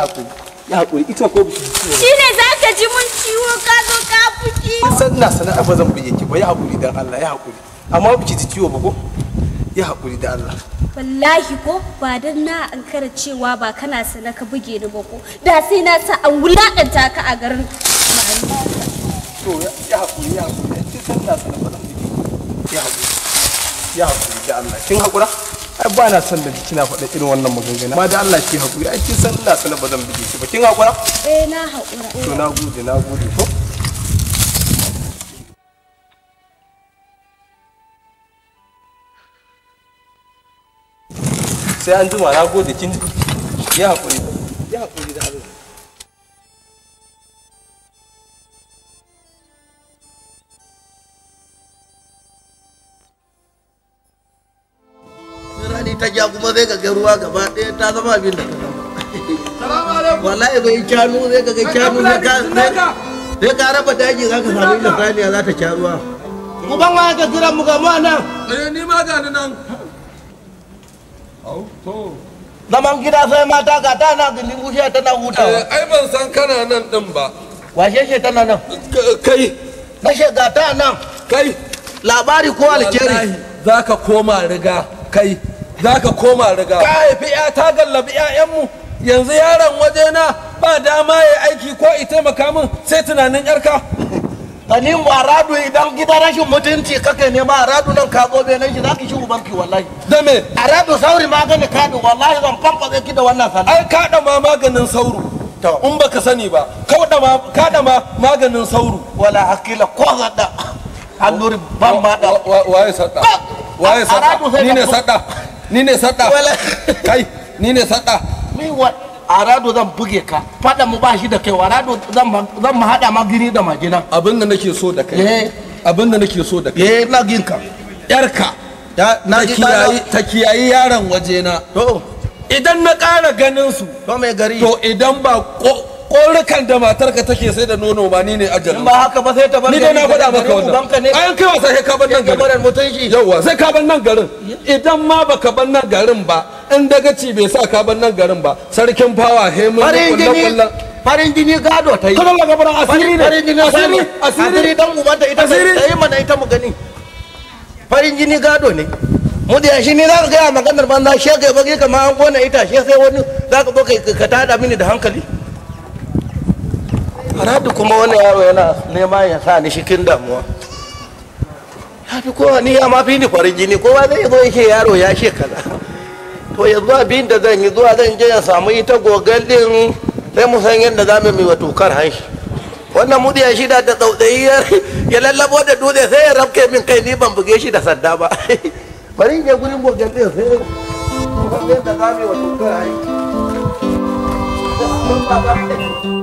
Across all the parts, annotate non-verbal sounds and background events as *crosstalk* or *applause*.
haƙuri ya haƙuri ita ko biki shi ne za ka ji mun ciwo ka zo ka fuki san na sana'a ba zan buge ki ba ya haƙuri dan Allah ya haƙuri amma biki ji ciwo ba ko ya haƙuri da Allah wallahi ko ba dan na ankara cewa ba kana sana ka buge ni ba ko da sai na sa an wulaƙanta ka a garin to ya haƙuri ya haƙuri kin san na sana'a ba zan buge ya haƙuri ya haƙuri da Allah kin haƙura ba na son da kina faɗa irin wannan maganganu ma da Allah ki haƙuri ai kin san ina sanar ba zan bige ki ba kin haƙura eh na haƙura to na gode na gode to sai an jima na gode kin ya haƙuri haɗe ruwa gaba ɗaya ta zama abin da ta zama wallahi zai kyanu zai kaga kyanu zai ka raba daji za ka samu inda saniya za ta kya ruwa mu ban wa ka jira mu ga mu nan eh ni ma ga ni nan au zaman gida sai mata ga ta na gindin bushiya tana hutawa eh, ai ban san kana nan din ba washe she tana nan kai na ga ta nan kai labari ko alkhairi za ka koma riga kai za ka koma riga ka haifi ya ta gallabi 'ya'yanmu yanzu yaron wajena ba dama ya aiki ko i taimaka min sai tunanin yarka Aliyu a radu idan gida rashin mutunci kake ne ma, radu nan ka zo nan shi za ki shigo banki wallahi. Da me? A radu sauri magani da wallahi zan fanfaɗe ki da wannan sana. Ai kaɗa ma maganin sauru To. In baka sani ba, da ma kaɗa ma maganin sauru. Wala hakila ko zaɗa. Annuri ban ma da. Waye saɗa? Waye saɗa? Ni ne saɗa. ni ne sadda kai ni ne sadda me what arado zan buge ka fada mu ba shi da kai arado zan zan mu hada ma gini da magina abin da nake so da kai eh. abin da nake so da kai eh ina gin ka yarka na kiyayi ta kiyayi yaron waje na to idan na ƙara ganin su to mai gari to idan ba ƙorukan da ka take sai da nono ma ni ne ajalin ba haka ba sai ta bar ni dai na faɗa maka wannan ayan kai wasa sai ka bar nan garin yawa sai ka bar nan garin idan ma baka bar nan garin ba in daga ci bai sa ka bar nan garin ba sarkin fawa hemin kullu farin jini gado ta yi kada ga gabar asiri ne farin jini asiri asiri dan uban ta ita ta yi mana ita mu gani farin jini gado ne mu da shi ne za ka gaya maganar banza shi ka yi bagi kamar an gona ita shi sai wani za ka zo ka tada mini da hankali faradu kuma wani yaro yana nema ya sa ni cikin damuwa ya fi kowa ni ya mafi ni farin jini kowa zai zo yake yaro ya ce kaza to yanzu abin da zan yi zuwa zan je ya samu ita gogal din sai mu san yadda za mu yi wa tokar hanshi wannan mudiya shi da tsautsayi ya lallabo da dutse sai ya rafke min kai ni ban buge shi da sanda ba *laughs* bari in je gurin gogal din sai mu san yadda za mu yi wa tokar hanshi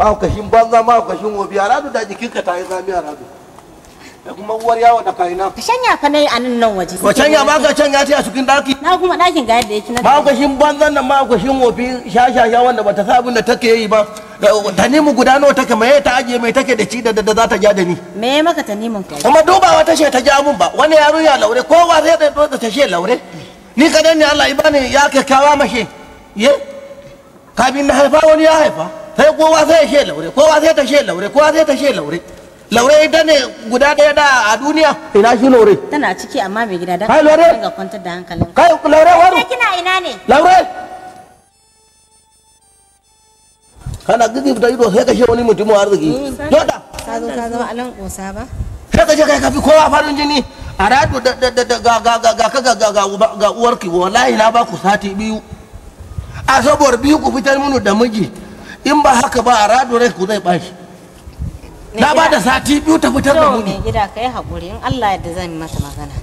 mahaukashin banza mahaukashin wobi a radu da ka ta yi zami a radu da kuma uwar yawo da kaina ka shanya fa nayi a nan waje ka shanya ba ka shanya ta a cikin daki na kuma dakin ga yadda yake na mahaukashin banza nan mahaukashin wobi shashasha wanda bata sa abin da take yi ba ta nemi guda nawa kama mai ta aje mai take da ci da da za ta ja da ni me ya maka ta nemin kai kuma dubawa ta ce ta ja mun ba wani yaro ya laure kowa zai da ta ce laure ni kadan ne Allah ibani ya kawa mashe ye kabin na haifa wani ya haifa sai kowa sai ya she laure kowa sai ta she laure kowa sai ta she laure laure ita ne guda ɗaya da a duniya ina shi laure tana ciki amma bai gida da kai laure ga kwantar da hankalin kai laure waru kina ina ne laure kana gidi da ido sai ka she wani mutumin arziki yoda mm, ka zo ka a nan kosa ba sai ka je kai kafi kowa farin jini a radu da da da ga ga ga ga ga ga uwarki wallahi na ba ku sati biyu a saboda biyu ku fitar mini da miji in ba haka ba a rado rai ku zai bashi na ba da sati biyu ta fitar da muni gida kai hakuri in Allah yadda zan masa magana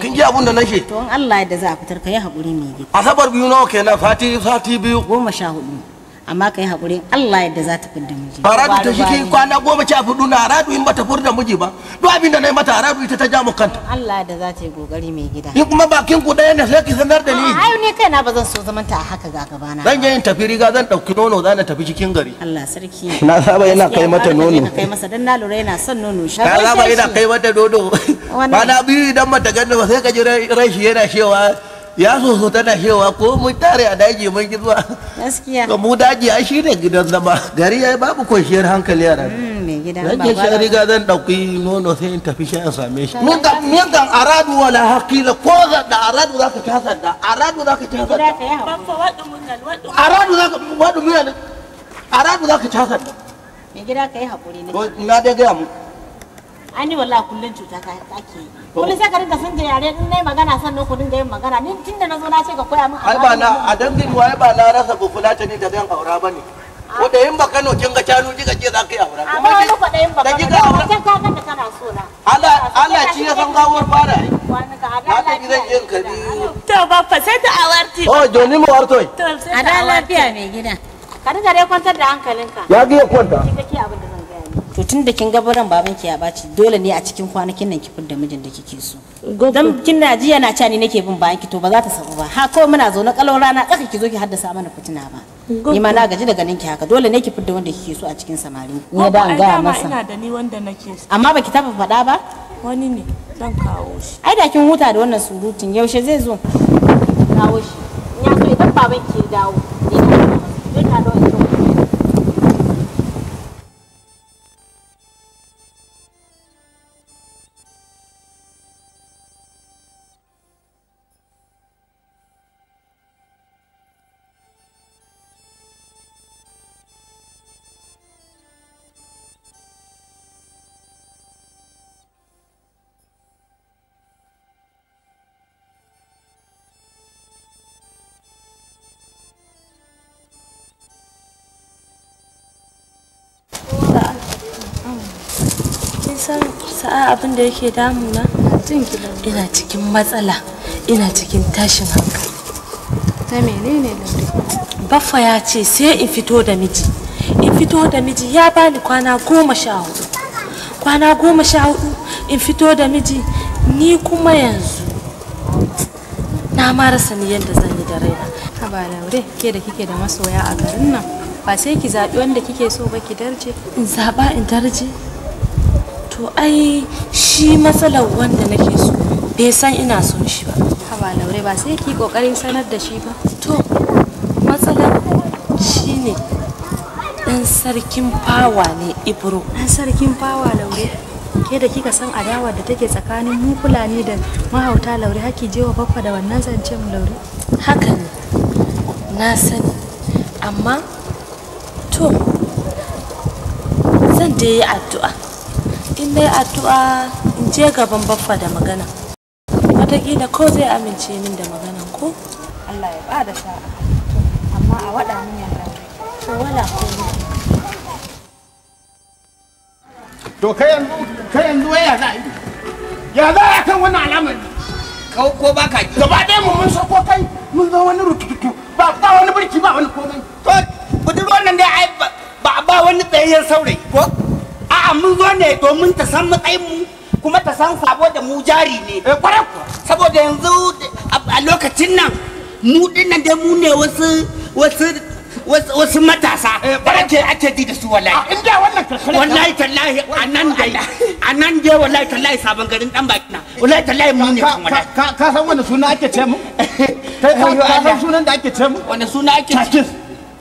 kin ji abun da nake to in Allah yadda za a fitar kai hakuri mai gida asabar biyu nawa kenan sati sati biyu goma sha hudu amma kai hakuri Allah yadda za ta fidda miji aradu ta shi kwana goma a fudu na aradu in bata furda miji ba duk abin da nayi mata aradu ita ta ja mu kanta Allah yadda za ta yi gogari mai gida in kuma bakin ku ɗaya ne sai ki sanar da ni ai ne kaina ba zan so zaman ta a haka ga gaba na zan je yin tafi riga zan dauki nono zan tafi cikin gari Allah sarki na saba yana kai mata nono na kai masa dan na lura yana son nono sha na saba yana kai mata nono ba na biyu idan mata ganin ba sai ka ji rai shi yana shewa ya so so tana cewa ko mun tare a daji mun ki zuwa gaskiya ga mu daji ai shi ne gidan zama gari ya babu kwanciyar hankali yara mm, mai gida ba ba shi riga zan dauki nono sai in tafi shi a same shi mun ga mun ga aradu wala haqila ko za da aradu zaka tasa da aradu zaka tasa da aradu zaka wadu mun aradu zaka tasa da me gida kai hakuri ne na da ga mu an yi wallahi kullun cuta ka ake kullun sai ka rinka sun da yare in nayi magana sannan ku dinga yin magana ni tun da na nazo na ce ka koya min ai ba na a dangin waye ba na rasa ku fulata ne da zan aura bane ko da yin bakano kin ga canu kika ce za ka yi aura kuma ni ko da yin bakano kika aura kan ka da kana so na Allah Allah ci ya san gawar fara ai na ta gidan yin kabi to ba fa sai ta awarti oh joni mu wartoi to sai ta lafiya mai gida ka dinga dai kwantar da hankalinka ya ga ya kwanta to tun da kin gabaran baban ki ya baci dole ne a cikin kwanakin nan ki fidda mijin da kike so dan kin na ji yana cani nake bin bayan ki to ba za ta sabu ba ha ko muna zo na kalon rana tsaka ki zo ki haddasa mana fitina ba ni ma na gaji da ganin ki haka dole ne ki fidda wanda kike so a cikin samari ne da an ga masa ina da ni wanda nake so amma baki taba faɗa ba wani ne dan kawo shi ai da kin huta da wannan surutun yaushe zai zo kawo shi ya so idan baban ki dawo ni da sa'a abin da yake damuna ina cikin matsala ina cikin tashin hankali ta menene baffa ya ce sai in fito da miji in fito da miji ya bani kwana goma sha hudu kwana goma sha hudu in fito da miji ni kuma yanzu na marasa ni yadda zan yi da raina ba laure ke da kike da masoya a garin nan ba sai ki zaɓi wanda kike so ba ki darje in zaɓa in darje to ai shi matsalar wanda nake so bai san ina son shi ba haba laure ba sai ki kokarin sanar da shi ba to matsalar ne dan sarkin fawa ne ibro dan sarkin fawa laure ke da kika san adawa da take tsakanin mu fulani da mahauta laure haki jewa baffa da wannan zancen laure haka ne na sani amma to zan da yi addu'a in dai addu'a in je gaban baffa da magana wataƙila ko zai amince min da maganan ko Allah ya ba da sa'a amma a waɗa min ya to wala ko to kai yanzu kai yanzu waya za a yi ya za a kan wannan alamar ko ko ba ka ji gaba ɗaya mun so ko kai mun zo wani rututu ba ba wani burki ba wani komai to budurwan nan dai ai ba ba wani tsayayyen saurayi ko a'a mun zo ne domin ta san matsayin mu kuma ta san sabo da mu jari ne eh, kwarar saboda yanzu a lokacin nan mu dinnan dai mu ne wasu wasu wasu matasa barake eh, ake ji da su wallahi ah, inda wannan kakare wallahi tallahi anan dai anan dai wallahi tallahi sabon garin dan baki na wallahi tallahi mu ne kuma ka san wani suna ake ce mu *laughs* ka san sunan da ake ce mu wani suna ake ce chakis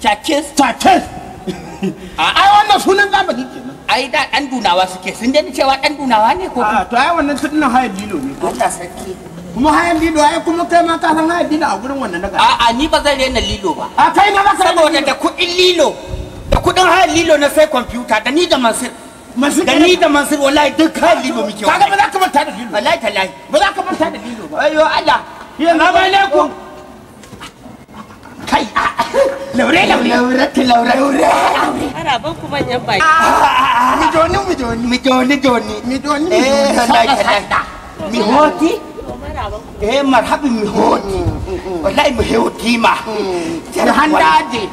chakis chakis *laughs* ah. ai wannan sunan zamani kenan ai da dan dunawa suke sun dai cewa dan dunawa ne ko a to ai wannan tudin hayan dilo ne Allah sarki kuma hayan lilo ai kuma kai ma ka san hayan lilo a gurin wannan daga a'a ni ba zan rena lilo ba a kai ma ba ka saboda da kuɗin lilo da kuɗin hayan lilo na sai kwamfuta da ni da mansur Masu da ni da mansur wallahi duk hayan lilo muke kaga ba za ka manta da lilo wallahi tallahi ba za ka manta da lilo ba ayyo Allah yanzu alaikum kai laure laure laure ki laure laure ana ban ku manyan baki mi joni mi joni mi joni joni mi joni mi eh, joni. eh mi hoti eh marhabi mi hoti mm, mm, mm, wallahi mi hoti ma har daji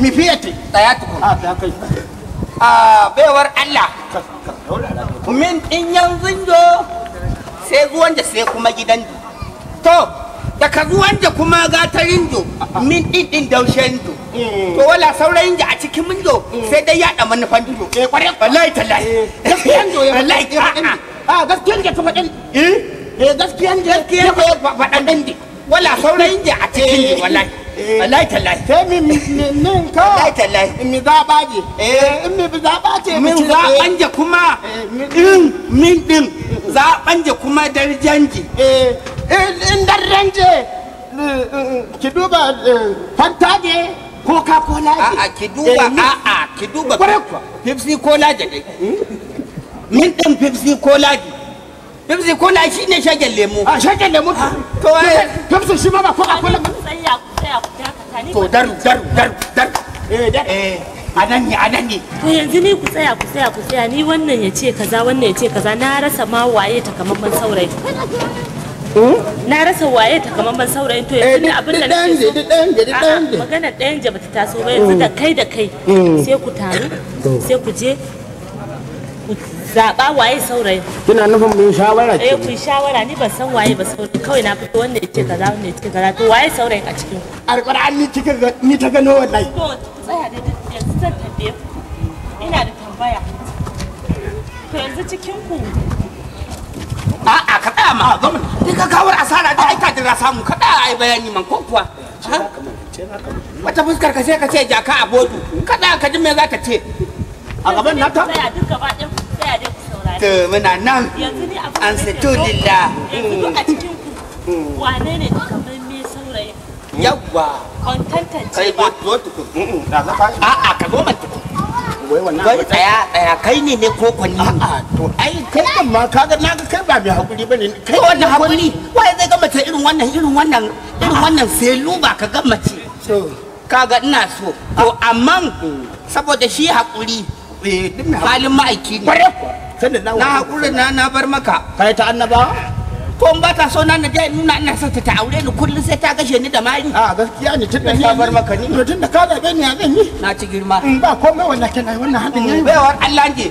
mi fiyati tsaya tukun ah, a ta kai a baiwar Allah min in yanzu jo sai ruwan da sai kuma gidan to da ka wanda kuma gatarin jo min ɗin din daushen jo mm. to wala saurayin ji a cikin min mm. sai dai yada manufan jo eh kware wallahi tallahi eh, gaskiyan jo ya wallahi eh, a ah, gaskiyan jo to fadan eh eh gaskiyan jo gaskiyan jo fadan dan di wala saurayin ji a cikin jo eh. wallahi wallahi tallahi sai mi min ka wallahi tallahi mi zaba ji eh in mi zaba ce min zaban ja kuma in min ɗin. zaban ja kuma darjanji eh in dan ranje eh, eh, eh, ki duba fanta ne ko ka kola ne ah, a'a ah, ki duba a ah, ki duba pepsi kola da dai min din pepsi kola ne pepsi kola shi ne shagen lemu a shagen lemu to ai pepsi shi ma ba ko akwai lemu to dar dar dar dar eh da eh a nan ne a nan ne to yanzu ni ku tsaya ku tsaya ku tsaya ni wannan ya ce kaza wannan ya ce kaza na rasa ma waye takamaiman saurayi Hmm? na rasa waye takamaiman saurayin to yanzu ne eh, abin da nake so a'a magana ɗayan ja bata taso ba yanzu hmm. da kai da kai hmm. sai ku taru sai ku je ku zaba waye saurayin kina nufin mun shawara ce eh ku shawara ni ban san waye ba saurayin kawai na fito wanda yace kaza wanda yace kaza to waye saurayin a cikin alƙur'an ni kika ni ta gano wallahi to tsaya da yanzu zan tambaye ina da tambaya to yanzu cikin ku a'a ka tsaya ma ni ka kawar asara da aita da na samu ka tsaya ai bayani man ko kuwa wata fuskar ka sai ka ce jaka a bodu ka tsaya ka ji me za ka ce a gaban na ta to muna nan an sito lilla a hmm. cikin ku hmm. wane ne kamar me saurayi yawwa ba hmm, a'a ka goma tukun wai kai ne ne ko a'a to ai na ga kai ba mai hakuri zai ga mace irin wannan irin wannan irin wannan kaga ina so ah. mm. saboda shi hakuri eh, ma'aiki ne na hakuri na na bar maka kai ta annaba ko n ba ta so na na nuna ina son ta aure ni kullum sai ta gashe ni da mari a gaskiya ne tunda ni bar maka ni to tunda ka zabe ni ya zan yi na ci girma in ba komai wannan kenan wannan hadin yayi baiwar Allah ne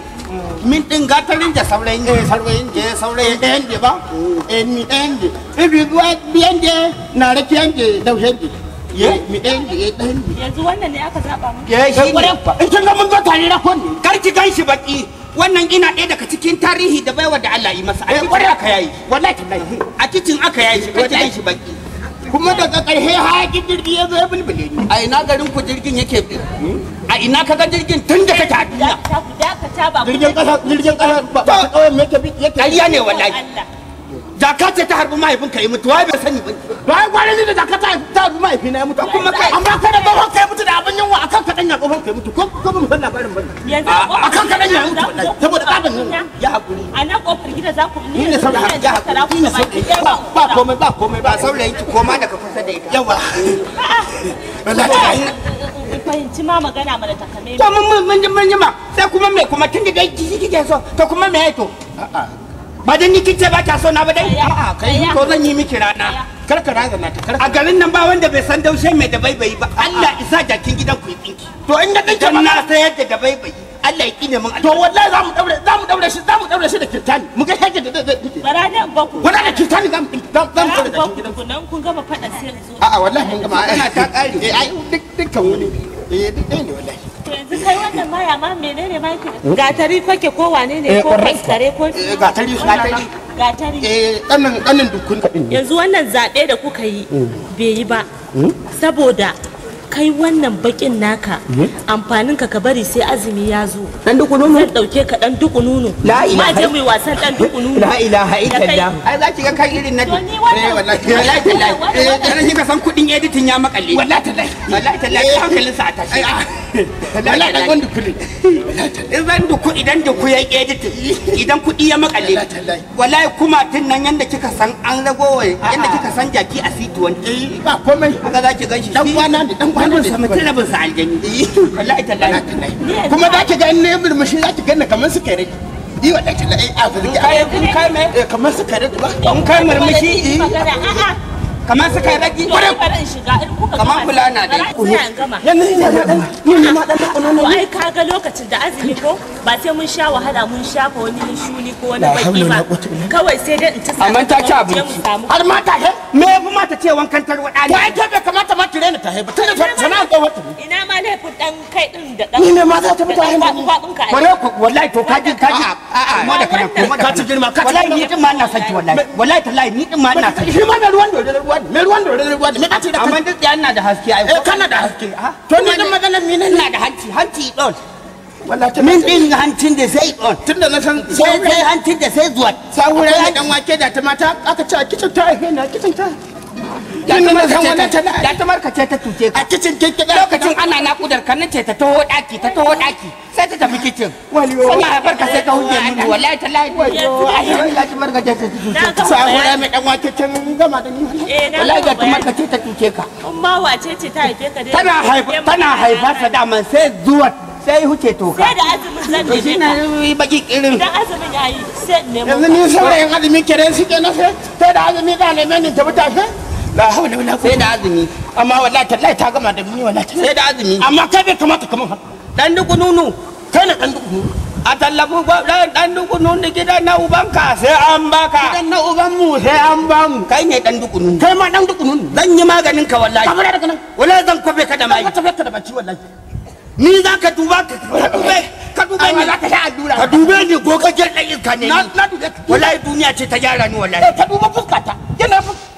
min din gatarin da saurayin je eh, saurayin je saurayin ɗayan je ba eh mi ɗayan je ibi zuwa biyan je na rakiyan je daushen je yanzu wannan ne aka zaba mu ke shi eh, ne tun eh, da mun zo tare rakon kar ki ganshi baki wannan ina ɗaya daga cikin tarihi da baiwa da Allah yi masa a eh, cikin aka yayi wallahi eh, a cikin aka yayi shi kai shi baki kuma daga karhe hayakin jirgi ya zo ya bulbule ni a ina garin ku jirgin yake hmm? a ina kaga jirgin tun da kake a duniya jirgin kasa jirgin kasa ba kawai me yake bi yake ne wallahi jaka ce ta harbi mahaifinka ya mutu wai bai sani ba bai gware ni da jaka ta harbi mahaifina ya mutu kuma kai amma kai da tsohon kai mutu da abin yunwa akan ka danya tsohon kai mutu ko ko mun san labarin ba akan ka danya mutu saboda babin nan ya hakuri a nan kofar gida za ku ni ne saboda ya hakuri ni ne saboda ba ba komai ba komai ba saurayi ki koma daga kusa da ita yawa wallahi fahimci ma magana mana takamai to mun mun mun jima sai kuma me kuma tun da kike so to kuma me to a'a ba dan ni kince ba ta so na ba dai a'a kai ko zan yi miki rana kar ka razana ta kar a garin nan ba wanda bai san daushe mai da baibayi ba Allah isa jakin gidan ku tsinki to in da kake na sayar da baibayi Allah ya kine min to wallahi zamu daure zamu daure shi zamu daure shi da kirtani mu ga yake da barana ba ku wala da kirtani zamu zamu daure da gidan nan kun gama fada sai zo a'a wallahi mun gama ana ta kare eh ai duk dukkan wani eh duk ne wallahi yanzu kai wannan maya ma ke gatari ko wane ne eh, ko eh, gatari eh, yanzu wannan zabe da kuka yi mm. bai yi ba mm. saboda kai wannan bakin naka amfanin ka ka bari sai azumi ya zo dan duku nunu zan dauke ka dan duku nunu la ilaha ma je mu wasan dan duku nunu la ilaha illallah ai zaki ga kai irin na eh wallahi wallahi tallahi eh dan kika san kudin editing ya makalle wallahi tallahi wallahi tallahi eh. hankalin sa a tashi ah. wallahi dan wanda kudi idan duku idan duku ya editing idan kudi ya makalle wallahi kuma tun nan yanda kika san an ragowa yanda ah, ah. kika san jaki a C20 eh, ba komai haka zaki ganshi dan kwana ne dan wannan samu tarabin kuma da ki ga in ne murmushi za ki ganna kamar su kare yi wa daki lai a fuziki a kai kun kai me eh, kamar su kare ba kun kai murmushi kamar su kare ki kare kamar fulana dai yanzu ya ga dan ni ma dan ko ai lokacin da azumi ko ba sai mun sha wahala mun shafa wani shuni ko wani baki ba kawai sai dai in ci amma ta ci abinci har me fi mata ce wankan tarwaɗa ne. Wai bai kamata ma tire ni ta haifa tunda sana'a ta wata ne. Ina ma laifin dan kai din da dan. Ina ma za ta mutu haifa. Bare ku wallahi to kaji kaji. Amma da kana kuma da. Ka ci girma ka ci. Wallahi ni din ma ina son ki wallahi. Wallahi tallahi ni din ma ina son ki. Shi ma da ruwan dore da ruwan. Me ruwan dore da ruwan. Me kace da kai. Amma duk yana da haske ai. Eh kana da haske. To ni din maganar ni Ina da hanci hanci don. min din hancin da zai on tunda na san sai hancin da sai zuwa sai wurin dan wake da ta mata aka ce kitchen ta na kitchen ta kin nan ta da ta markace ta tuce ka a kicin kin ta lokacin ana nakudar kan ce ta taho daki ta taho daki sai ta tafi kicin waliyo sana barka sai ta huje mun wallahi ta lahi waliyo alhamdulillah ta markace ta tuce ka sa gura mai dan wake kin gama da ni eh, wallahi ga ta markace ta tuce ka amma wace ce ta haife ka dai tana haifa tana haifa ta daman sai zuwa sai huce toka sai da azumin zan ne shi na baki kirin da azumin yayi sai nemo yanzu ni saurayin azumin kire suke na sai da azumin da neme ni ta buta la hawla wala quwwata sai da azumi amma wallahi tallahi ta gama da wallahi sai da azumi amma kai bai kamata kaman haka dan duku nunu kai ne dan duku a tallafu dan duku nunu gidan na ubanka sai an baka gidan na uban mu sai an ba mu kai ne dan duku nunu kai ma dan duku nunu zan yi maganin ka wallahi kamar daga nan wallahi zan kwabe ka da mai ka tafi ka da baci wallahi ni za ka duba ka ka dube ni za ka sha allura ka dube ni ka dan iska ne ni wallahi duniya ce ta gyara ni wallahi eh, ka duba fuskata yana fuskata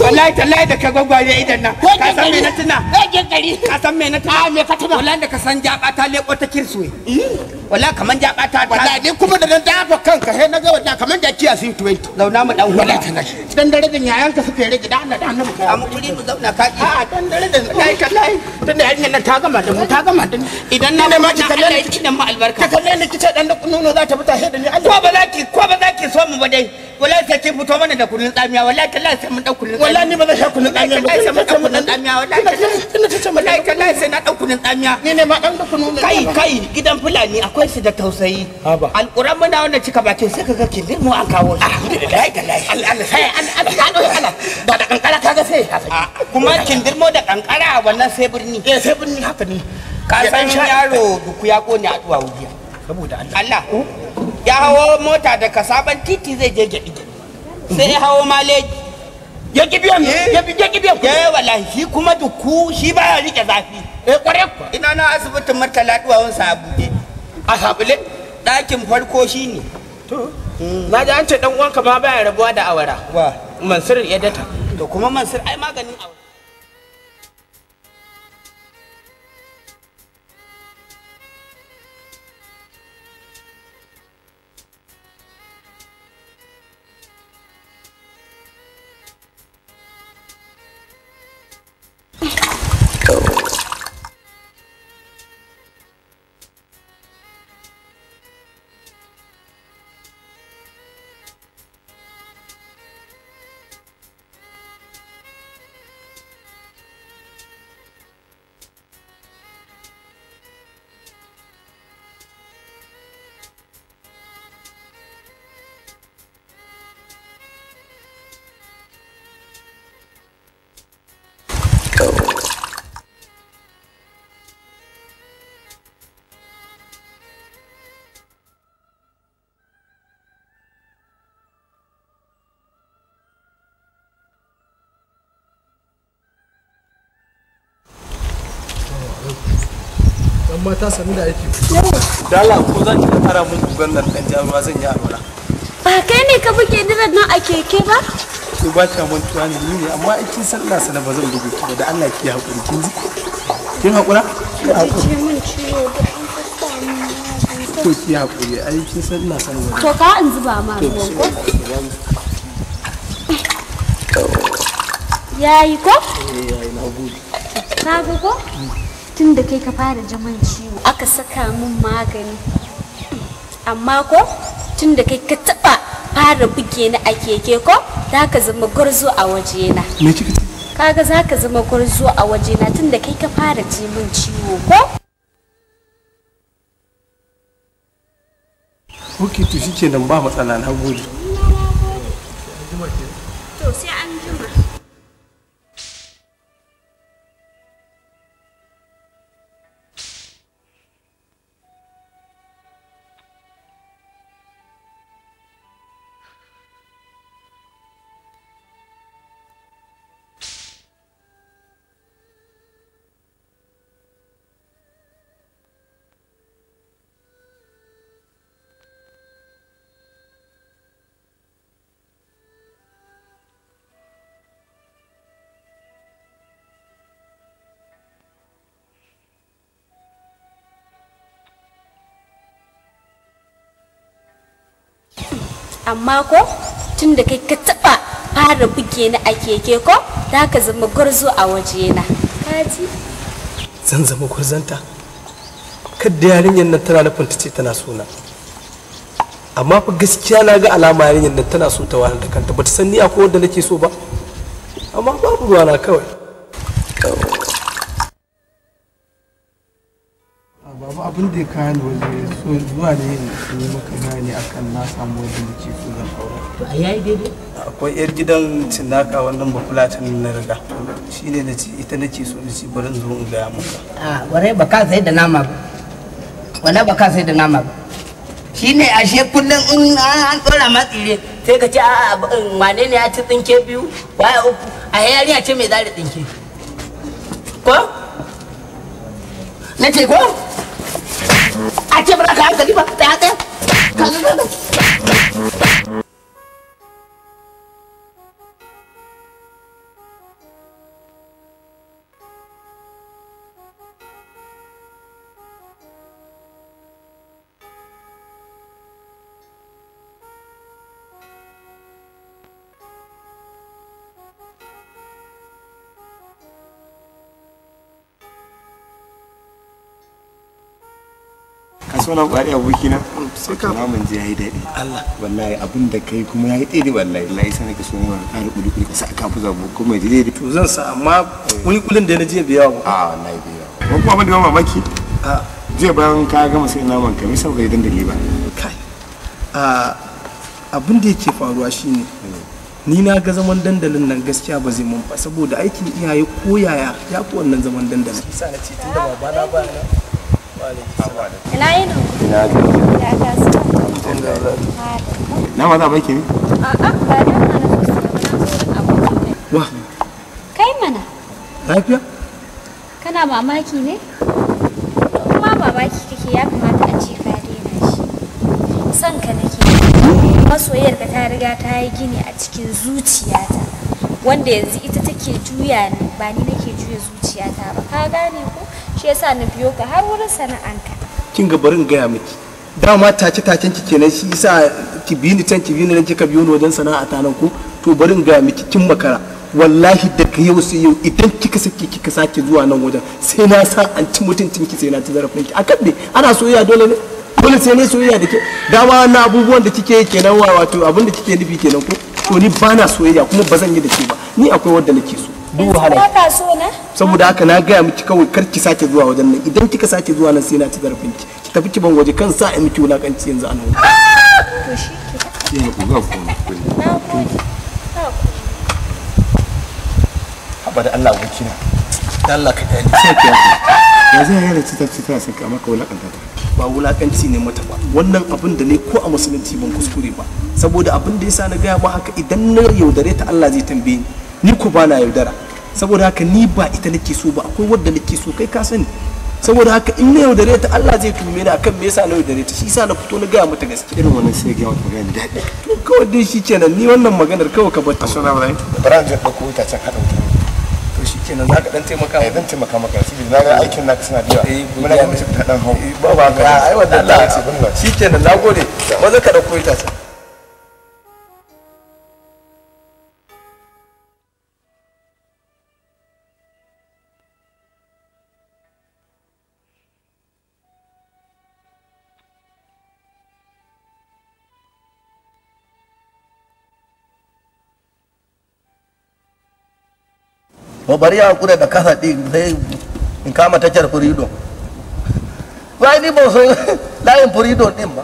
wallahi tallahi da ka idan ka san me na tuna ka ah, san me na tuna a me ka tuna wallahi da ka san jaba ta leko ta kirsuwe hmm? wallahi kaman jaba ta wallahi ni kuma da dan dafa kanka he naga wallahi kaman da kiya sin 20 launa mu dan wallahi ta nashi dan dare da yayan ka suka rage da Allah da annabi ka amma kuri mu zauna ka ki a dan dare da kai kallai tunda yarinyar nan ta gama da mu ta gama da idan na ne ma ki kalle ni kidan ma albarka ka kalle ni kice dan nuno za ta fita he da ni Allah ko ba za ki ko ba za ki so mu ba dai wallahi sai ki fito mana da da kunun tsamiya wallahi tallahi sai mun dauku kunun tsamiya wallahi ni ba zan sha kunun tsamiya ba sai mun dauku kunun tsamiya wallahi wallahi tallahi sai na dauku kunun tsamiya ni ne ma dan da kunun kai kai gidan fulani akwai shi da tausayi alquran muna wannan cika bakin sai kaga kin mu an kawo shi wallahi tallahi Allah sai an an an ba da kankara kaga sai kuma kindirmo da kankara wannan sai birni eh sai birni haka ne ka san yaro duku ya kone a duwa wuya saboda Allah Allah ya hawo mota da kasaban titi zai je gidi sai ya hawo maleji ya ki biyan eh. ya bi eh wallahi shi kuma duku shi baya rike zafi eh kware ina na asibitin martala duwawan sabuje a sabule dakin farko shine to hmm. na ji an ce dan uwanka ma baya rabuwa da awara wa mansur ya data to kuma mansur ai maganin awara amma ta sami da aiki dala ko za ki fara mun gugan nan dan jaruwa zan yi alwala ba kai ne ka buke nan a keke ba ko ba ta mantuwa ne ni ne amma kin sallah sana ba zan bugu da Allah ki hakuri kin ji kin hakura ki ko ki hakuri sana ba to ka zuba ma ko yayi ko eh, yayi na gode ko mm. tun da kai ka fara jaman ciwo aka saka min magani amma ko tun da kai ka taba fara buge ni a keke ko za ka zama gwarzo a wajena kaga za ka zama gwarzo a wajena tun da kai ka fara jaman ciwo ko ok to shi ke nan ba matsala na gode amma ko tun da kai ka taɓa fara buge ni a keke ko za ka zama gwarzo a wajena kaji zan zama gwarzanta kadda yarinyar nan tana nufin ta tana suna amma fa gaskiya na ga alama yarinyar nan tana so ta wani da kanta ba ta san ni akwai wanda nake so ba amma babu na kawai abin da ya kawo ni waje so zuwa ne in yi maka a kan na samu wajen da ke su zan aure. To a yayi daidai? Akwai yar gidan cinnaka wannan bakula ta na riga. Shi ne na ce ita nake so na ce bari zo in gaya maka. A warai ba ka sai da nama ba. Wala ba ka sai da nama ba. Shi ne ashe kullum in an tsora ma tsire sai ka ce a wane ne ya ci tsinke biyu waya uku a yariya ce mai zari tsinke. Ko? Na ce ko? 啊！就。sauran kwari abokina na sai ka namun ji yayi daɗi Allah wallahi abin da kai kuma yayi daɗi wallahi na isa nake so ma ƙara kuli kuli ka sa ka fi zabo kuma ji daɗi to zan sa amma kuli kulin da na je biya ba a wallahi biya ko kuma abin da mamaki a jiya bayan ka gama sai naman ka misa ga idan dalili ba kai a abin da yake faruwa shine hmm. ni na ga zaman dandalin nan gaskiya ba zai mun ba saboda aikin iyaye ko yaya ya fi wannan zaman dandalin. Sa na ce tun babana ba na Ina yi Ina ga. Ya ga su. Na ma za ba ki mi? A'a, ba da mana Wa. Kai mana. Kana mamaki ne? Kuma babaki kake ya kamata a ce ka daina shi. Son ka nake. Masoyarka ta riga ta yi gini a cikin zuciyata. Wanda yanzu ita take juya ni ba ni nake juya zuciyata ba. Ka gane ko? shi yasa biyo bi ni can ki bi ni nan kika biyo ni wajen ta nan ko to barin gaya miki kin makara wallahi daga yau sai yau idan kika kika sake zuwa nan wajen sai na sa an ci mutuncin ki sai na ci zarafin ki akan ne ana soyayya dole ne dole sai ne soyayya da ke dama abin da kike nufi kenan ko ni bana soyayya kuma ba zan yi da ba ni akwai wanda nake so duk saboda haka na gaya miki kawai kar ki sake zuwa wajen nan idan kika sake zuwa nan sai na ci zarafin ki ki tafi ki ban waje kan sa a miki wulakanci yanzu anan to shi ku ga ku haba da Allah wuki na Allah ka sai ki ya zai yana sai ka maka wulakanta ta ba wulakanci ne mata ba wannan abin da ne ko a musulunci ban kuskure ba saboda abin da yasa na gaya ba haka idan na yaudare ta Allah zai tambaye ni ni ko ba na yaudara saboda haka ni ba ita nake so ba akwai wadda nake so kai ka sani saboda haka in na yaudare ta Allah zai tume ni akan me yasa na yaudare ta shi yasa na fito na gaya mata gaskiya irin wannan sai ga wata magana dadi to kawai dai shi kenan ni wannan maganar kawai ka bar ta sunan Ibrahim Ibrahim zai dauko ta can hada wuta to shi kenan zaka dan taimaka eh dan taimaka maka shi na ga aikin naka suna da yawa eh, muna ga mutum ta dan hawo eh, ba ba ga ah, ai wannan Allah ya ce shi kenan nagode maza ka dauko ta can o bari *laughs* ya da kasa di sai in kama tacar purido. ba ni ba lain layin furidon ɗin ba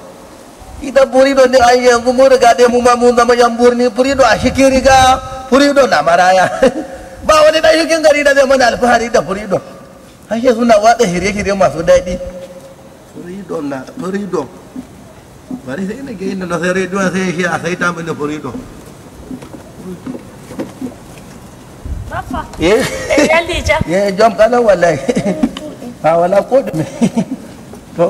ita purido ni an yanzu mun riga dai mu ma mun zama yan burni furidon na maraya ba wani ɗan shikin gari da zai mana alfahari da furidon ashe suna watsa shirye-shirye masu daɗi purido. na furidon bari sai na ga inda na sai rediyon sai shi a sai ta Papa. Eh. Eh dalli ja. Eh jom kala wallahi. Ba *laughs* ah, wala ko da me. *laughs* To.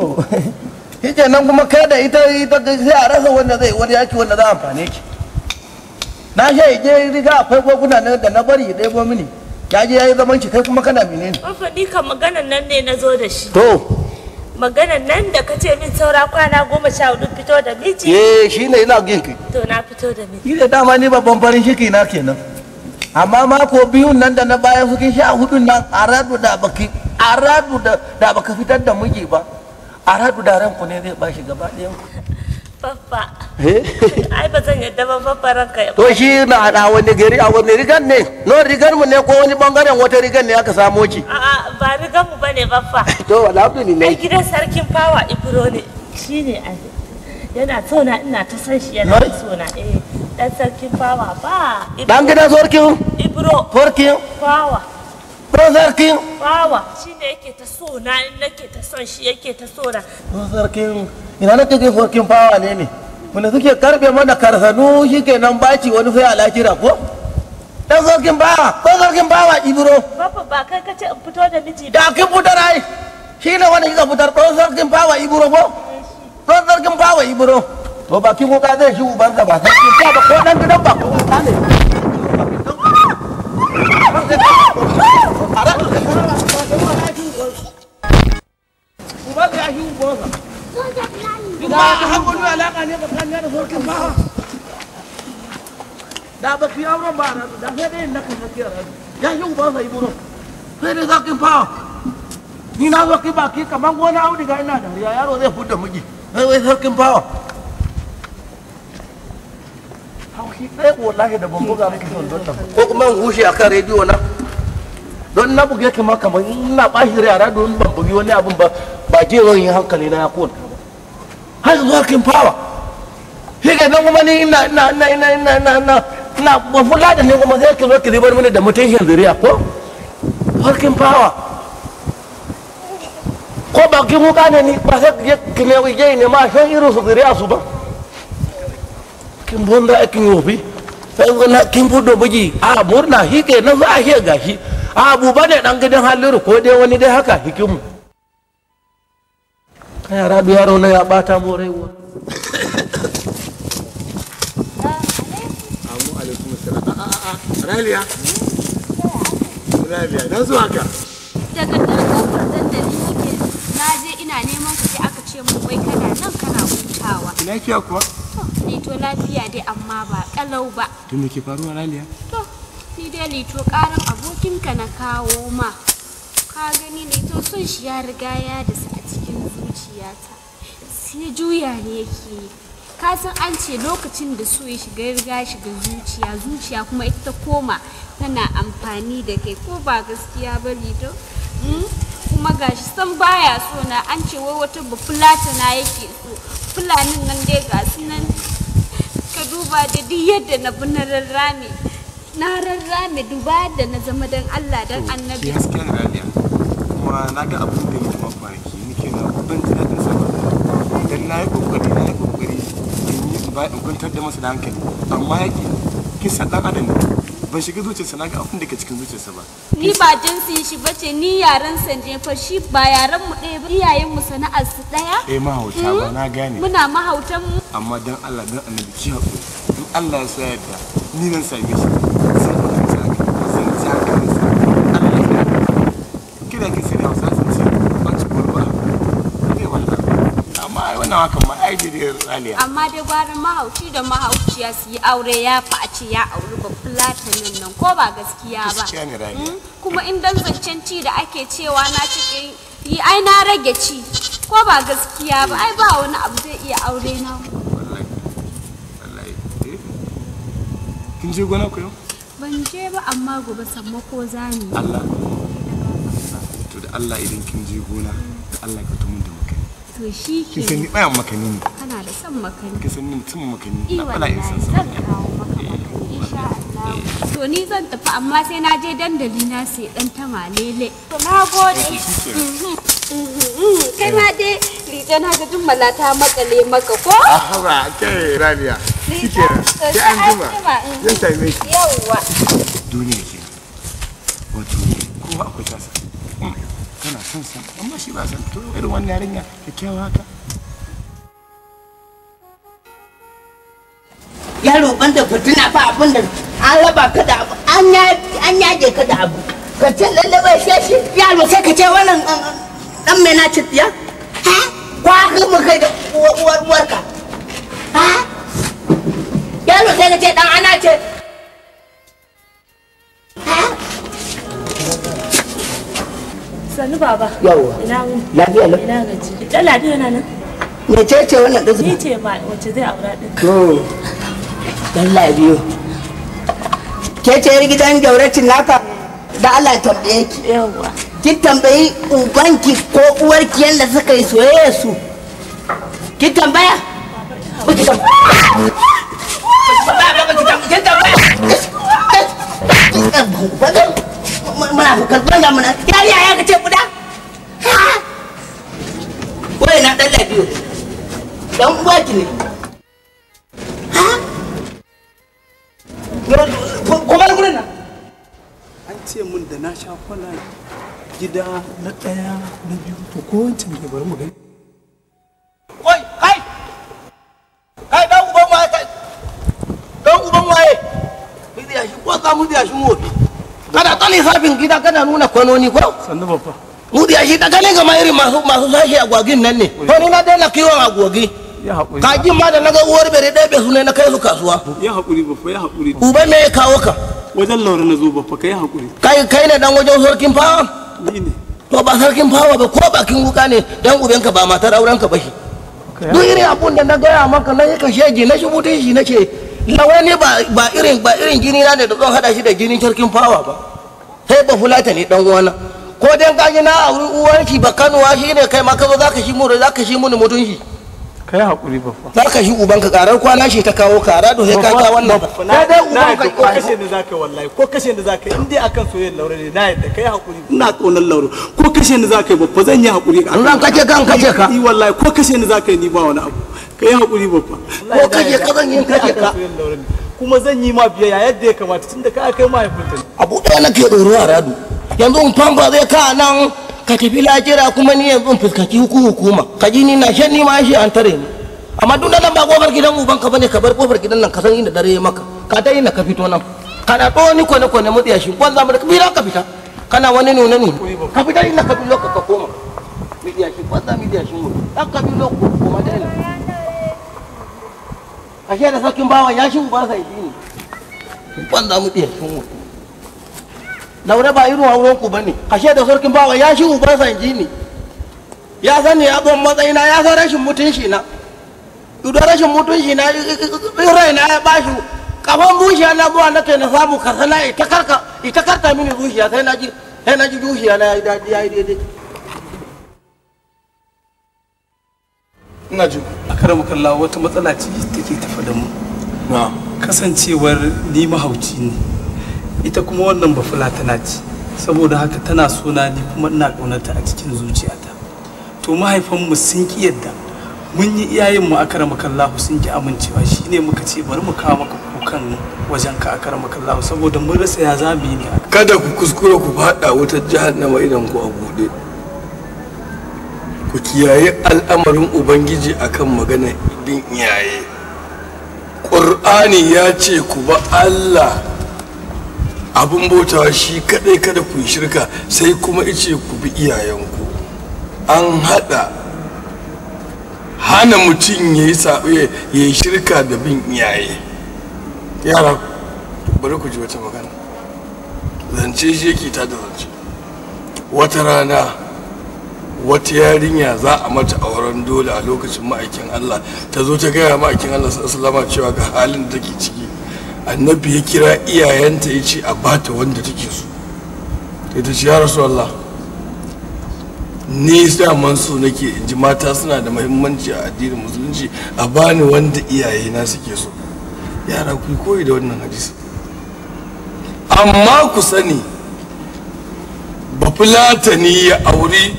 Kike nan kuma kai da ita ita sai a rasa wanda zai wani yaki wanda za a amfane Na sha je riga akwai goguna da na bari mini. Ya je zaman ki kai kuma kana menene? An faɗi ka maganan nan ne na zo da shi. To. maganan nan da ka ce min saura kwana goma sha hudu fito da miji? Eh shi ne ina ginki. To na fito da miji. Ni da dama ni babban farin ciki na kenan. amma mako biyun nan da na baya suke sha hudun nan a radu da baki a radu da baka fitar da miji ba a radu da ranku ne zai bashi gaba ɗayan Papa. Eh? Ai ba zan yadda ba papa ranka ya. To shi na hada wani gari a wani rigar ne. No rigar mu ne ko wani bangaren wata rigar ne aka samo ki. A'a ba rigar mu bane papa. *laughs* To alhamdulillah. Ai gidan sarkin fawa Ibro ne. Shine ai. Yana tsona ina ta san shi yana tsona eh. Eh, dan sarkin fawa ba ɗan gidan sorkin. ibro sorkin fawa Don sarkin. Bawa shi ne yake ta so na in nake ta son shi yake ta so na. Don sarkin ina nake je sarkin fawa ne ne. Wanda suke karbe mana karsanu shi ke nan baci wani sai alakira ko? Ɗan sorkin bawa ko sorkin bawa ibro. Papa ba kai ka ce in fito da miji ba. Da kin fitar ai. Shi ne wanda kika fitar don sorkin bawa ibro ko? Don eh, sorkin bawa ibro. to bakin kuka zai shi uban ba sai ki ba ko dan gidan ba ko ta ne ki ba ki gona auduga ina da yaro zai fudda miji sai wai sarkin fawa hauki tsaye eh, wallahi da ban buga miki son don ko kuma hushe akan rediyo na don na buge ka ma kamar ina bashi yara don ban bugi wani abin ba ba je zan yi hankali na ya har zuwa kin fawa shi ga kuma ni ina ina ina ina ina ina ina ina ba fula da ni kuma sai ki zo ki ribar mini da zuriya ko har fawa ko ba ki muka ne ni ba sai ki ne ma shan irin su zuriya su ba kin bonza akin yofi fa in zalla kin fudo bugi a murna hike na za a hiya gashi a abu bane dan gidan halliru ko dai wani dai haka hikimu kai yara da yaro na ya bata mu raiwa amu alaikum assalam a a a raliya raliya dan zuwa ka daga dan kofar dandali ni ke naje ina neman ku ki ce mun wai kana nan kana hutawa lafiya kuwa to lito lafiya dai amma ba kalau ba to me ke faruwa laliya to ni dai lito karan abokinka na kawo ma ka gani lito son shi ya riga ya dasa a cikin zuciyata sai juya ne yake yi ka san an ce lokacin da so ya shiga riga shiga zuciya zuciya kuma ita ta koma tana amfani da kai ko ba gaskiya ba lito kuma gashi san baya so na an ce wai wata na yake so fulanin nan dai ga su nan ka duba da duk yadda na bi na rarrame na rarrame duba da na zama dan Allah dan annabi gaskiya rabiya kuma na ga abin da yake mafarki nake na ban ji da sabar dan na yi kokari na yi kokari in yi in kwantar da masa da hankali amma yake kisa dan adam ne ban shiga zuciyarsa na ga abin da ke cikin zuciyarsa ba ni ba jinsi shi bace ni yaran san je fa shi ba yaran mu ɗaya ba iyayen mu sana'ar su ɗaya eh mahauta ba na gane muna mahautan mu amma dan Allah dan annabi ki hakuri in Allah ya sa yadda ni nan same shi wannan hakan ma ai dai raliya amma dai gwarin mahauci da mahauciya su yi aure ya fa a ce ya auri ba platinum nan ko ba gaskiya ba hmm? kuma in dan zancen ci da ake cewa na ci eh, yi ai na rage ci ko ba gaskiya ba ai ba wani abu zai iya aure na eh? kin je gona ko yau ban je ba amma gobe sammako za ni Allah to da Allah idan kin je gona da Allah ka tumun da to shi ke ni makani ne kana da son makani kin ni makani na bala eh, in eh. to ni zan tafi amma sai na je dandali na sai dan tamalele to na gode eh, mhm, mhm, mhm. kai ma dai na ga jummala ta makale maka ko a ah, hawa kai raniya shikenan sai an duniya ke wato akwai tasa son amma shi ba san to irin wannan yarinya kyakkyawa haka yaro ban da fitina ba abin da an raba ka da abu an yaje ka da abu ka ce lallaba sai shi yaro sai ka ce wannan ah, ah, dan mai na ci ya ha kwa ka mu kai da uwar uwarka ha yaro sai ka ce dan ana ce Sani baba. Yawwa. Ina Lafiya lafiya. Ina gaji. lafiya na nan. Mece ce wannan Ni ce ma wace zai aura ɗin. To. Dan labiyo. Ke ce yar gidan gauracin naka? Da Allah tambaye ki. Yawwa. Ki tambayi ubanki ko uwarki yadda suka yi soyayya su. Ki tambaya? Ba ki tambaya. Ba ki tambaya. muna fa karɓar da muna yariya ya ce wai na dan uwa ki ne kuma gurin nan an ce da na sha kwana gida na ɗaya na biyu to ko wancan ke bari mu gani kai dan uban waye dan uban waye da shi ko mu da shi mu kana ta lissafin gida kana nuna kwanoni ko sannu babba mudi shi ta kane ga irin masu masu sashi agwagin nan ne to ni na na kiwon a hakuri kajin ma da na ga uwar bere ɗaya be sunai na kai su kasuwa ya hakuri babba ya haƙuri uba me ya kawo ka wajen laura na zo babba kai hakuri kai kai ne dan wajen sarkin fawa ni ne to ba sarkin fawa ba ko bakin wuka ne dan ubenka ba matar aurenka ba shi duk irin abun da na gaya maka na yi kashe ji na shi mutunci na ce lawani ba irin ba irin gini na ne da zan hada shi da ginin sarkin fawa ba sai ba fulata ne dan uwana ko dan gaji na auri uwanki ba kanuwa shine kai ma ka zo zaka shi mu zaka shi mu mutunci kai hakuri babba za ka shi ubanka karar kwana shi ta kawo kara do sai ka ta wannan na dai ubanka ko kashe ne zaka wallahi ko kashe ne zaka in dai akan soyayyar laure ne na yadda kai hakuri ina tsonan laure ko kashe ne zaka babba zan yi hakuri Allah ka kace kan kace ka yi wallahi ko kashe ne zaka ni ba wani abu kai hakuri babba ko kace ka zan yi kace ka kuma zan yi ma biyayya yadda ya kamata tunda ka kai mahaifinta abu ɗaya nake tsoro a radu yanzu in ba zai ka nan ka tafi lajira kuma ni yanzu in hukuma ka ji ni na shan ni ma shi an tare ni amma duk nan ba kofar gidan uban ka bane ka bar kofar gidan nan ka san inda dare maka ka dai na ka fito nan kana to ni kone kone mu mutsiya shi kwan zamu ka bira ka fita kana wani nuna nuna ka fita inda ka bilo ka ka koma midiya shi kwan zamu midiya shi mu dan ka bilo ko koma dai ne ashe da sakin bawa ya shi uba sai dini kwan zamu midiya shi mu laure ba irin auren ku bane kashe da sarkin bawa ya shi uban sanji ne ya sani abin matsayina ya san rashin mutunci na idan rashin mutunci na rai na ya bashi kafan bushiya na zuwa na kai na samu kasana ita karka ita karka mini zuciya sai na ji sai na ji zuciya na yayi daɗi yayi daidai ina ji a karamu kalla wata matsala ce take tafa da mu kasancewar ni mahauci ne ita kuma wannan bafula tana ci saboda haka tana suna ni kuma ina ƙaunarta a cikin zuciyata to mahaifanmu sun ki yadda mun yi iyayenmu a kara kallahu sun ki amincewa shine muka ce bari mu kawo maka kukan wajen ka aka kara kallahu saboda mun rasa ya ne kada ku kuskura ku faɗa wata jahannama idan ku a buɗe ku kiyaye al'amarin ubangiji akan magana idin iyaye ƙur'ani ya ce ku ba allah abin bautawa shi kadai kada ku yi shirka sai kuma ice ku bi iyayenku an hada hana mutum ya yi ya shirka da bin iyaye yara bari ku ji wata magana zance shi yake ta da zance wata rana wata yarinya za a mata auren dole a lokacin ma'aikin Allah ta zo ta gaya ma'aikin Allah sallama cewa ga halin da take ciki annabi ya kira iyayenta ya ce a bata wanda take so ta ce ya rasu Allah ni daman so nake in ji mata suna da mahimmanci a addinin musulunci a bani wanda iyayena na suke so yara ku koyi da wannan hadisi amma ku sani bafulatani ya auri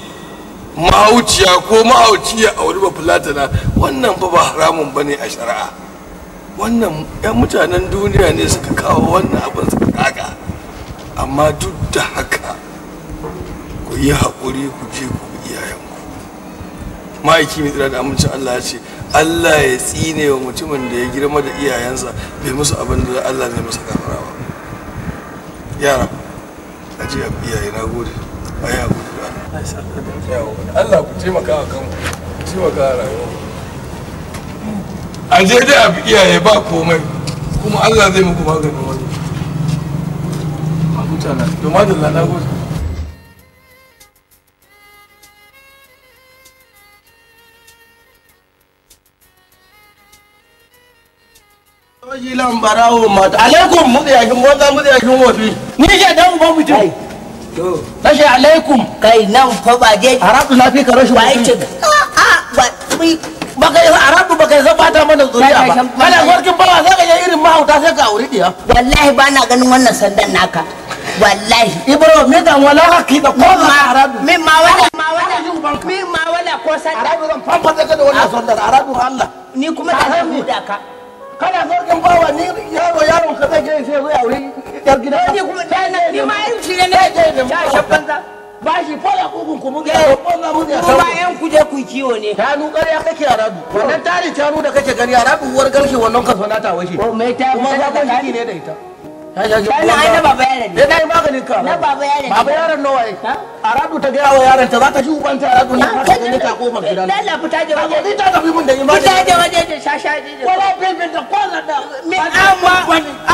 mahauciya ko mahauci ya auri bafulatana wannan ba ba haramun bane a shari'a wannan 'yan mutanen duniya ne suka kawo wannan abin suka kaga amma duk da haka ku yi haƙuri ku je ku iyayenku ma'aiki mai tsira da amincin allah ya ce allah ya tsine wa mutumin da ya girma da iyayensa bai musu abin da allah zai masa gafara ba yara a ji iyaye na gode a yi haƙuri da allah ku taimaka a kanku ku taimaka a rayuwa a je da a iyaye ba komai kuma allah zai muku maganin wani to madalla na gode mu da yakin Alaikum mutsayakin motsa mutsayakin wofi. Ni ke dan uban to Tashi alaikum. Kai nan fa ba je. Haratu na fi karo shi. Ba yake. A'a ah, ah, ba baka yi arabu baka yi bata mana zuriya ba kana sarkin bawa sai ka je irin mahauta sai ka aure diya wallahi ba na ganin wannan sandan naka wallahi ibro me dan wala haki da ko ma arabu min ma wala ma wala min ma wala ko sanda arabu zan fanfasa ka da wannan sandan arabu Allah ni kuma da zan huda ka kana sarkin bawa ni yaro yaro ka zai je sai zai aure yar gida ni kuma dana ni ma irin shi ne ne ta shabban bashi shi kukun kugun mun ga ko na mun ga kuma yan kuje ku kiwo ne ta nu ƙarya kake a rabu wannan tari ta nu da kake gani a rabu uwar garke wannan kaso na ta wace kuma za ka shi ne da ita Kana ai eh, na baba yaron ne. Dai maganin ka. Na baba yaron. Baba yaron nawa ne? Arabu ta gaya wa yaron ta za ta ji ubanta Arabu ne ta gani ta kofar gidan. Lalla fita je waje. Ni ta tafi mun da imani. Fita je waje da shashaji. Wala bibin da kwala da. Mi amma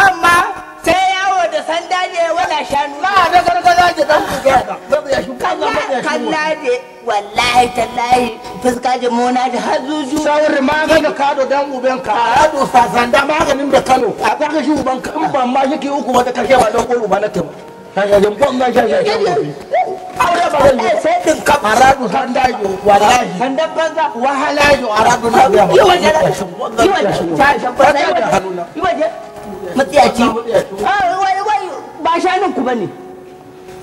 amma sai da sanda ne wala shanu ba na gargaza da dan kuga ya shi kallaje wallahi tallahi fuska da mona da hazuju sauri maganin kado dan uben ka kado sanda maganin da kano a kaga shi uban ka in ma yake uku ba da karshe ba dan ko uba na ta ba shashashin ban ma shashashin aure ba zai eh, sai din ka aradu sanda yo wallahi sanda banza wahala yo aradu na yo wajen yo wajen shashashin banza yo ta matsiyaci ah, wai wai ba shanin ku bane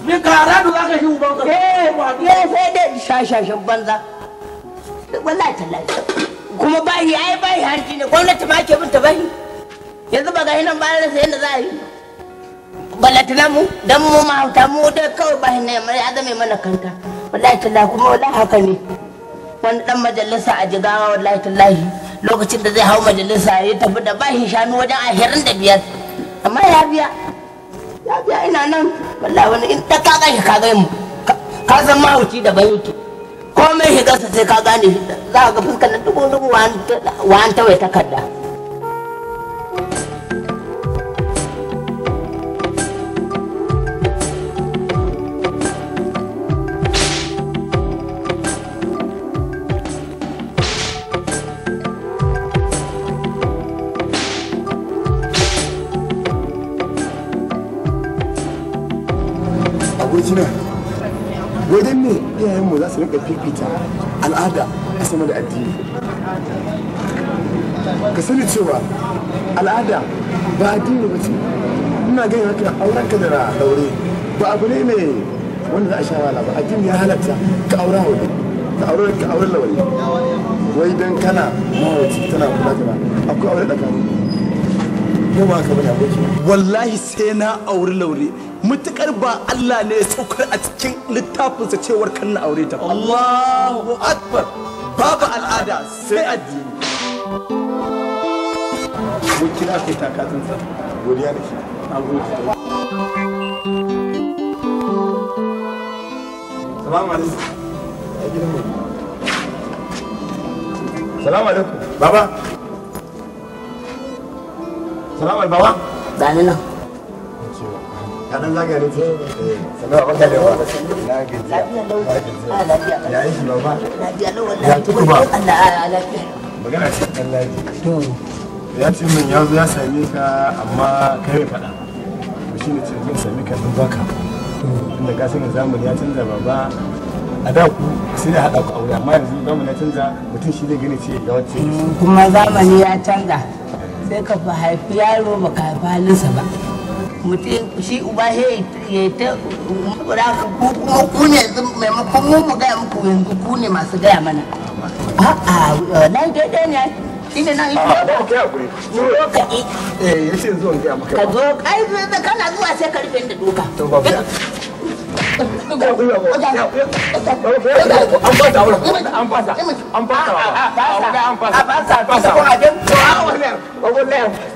me kara da zaka shi uban eh, ka eh sai dai shashashan banza wallahi tallahi kuma bayi ai bayi harji ne gwamnati ma ke bin ta bai yanzu ba ga hinan ba da yadda za a yi balatana mu dan mu ma ta mu da kawai ba ne mai zame mana kanta wallahi tallahi kuma wallahi haka ne wani dan majalisa a jigawa wallahi tallahi lokacin da zai hau majalisa ya tafi da bashi shanu wajen ashirin da biyar amma ya biya ya biya ina nan wallahi wani in ta kaga shi kaga mu ka san mahauci da ban yake komai shigarsa sai ka gane za ka ga fuskar na dubu dubu wa an tawaye takarda da fifita al'ada a sama da addini ka sani cewa al'ada ba addini ba ce ina gani haka auren ka da daure ba abu ne mai wanda za a sha wala ba addini ya halatta ka aura wani ka aure ka aure lawali wai dan kana mawaci tana kula da akwai aure tsakani ko ba ka bane wallahi sai na auri laure mutukar ba Allah ne saukar a cikin littafinsa cewar kan na aure ta Allahu akbar babu al'ada sai addini wakil ake takatun sa godiya da shi Salamu alaikum. Salamu alaikum. Baba. Salamu alaikum. Baba. Dani a nan zaga ne wa na ah, yi ah, ah, ce min ya zo ya same ka amma kai mai faɗa shi ne ce zan same ka zan baka inda ka sani zamani ya canza baba a da ku sai da haɗa ku aure amma yanzu zamani ya canza mutum shi zai gani ce ya wacce kuma zamani ya canza sai ka fi haifi yaro baka ka haifi halinsa ba mutum shi uba ya ta kura ku kuma ku ne maimakon mu mu gaya muku yanzu ku ne masu gaya mana a'a wallahi daidai ne ina na yi ka yi eh yace yanzu an gaya ka zo ai kana zuwa sai ka rufe da doka to ba ba an fasa an fasa an fasa an fasa an fasa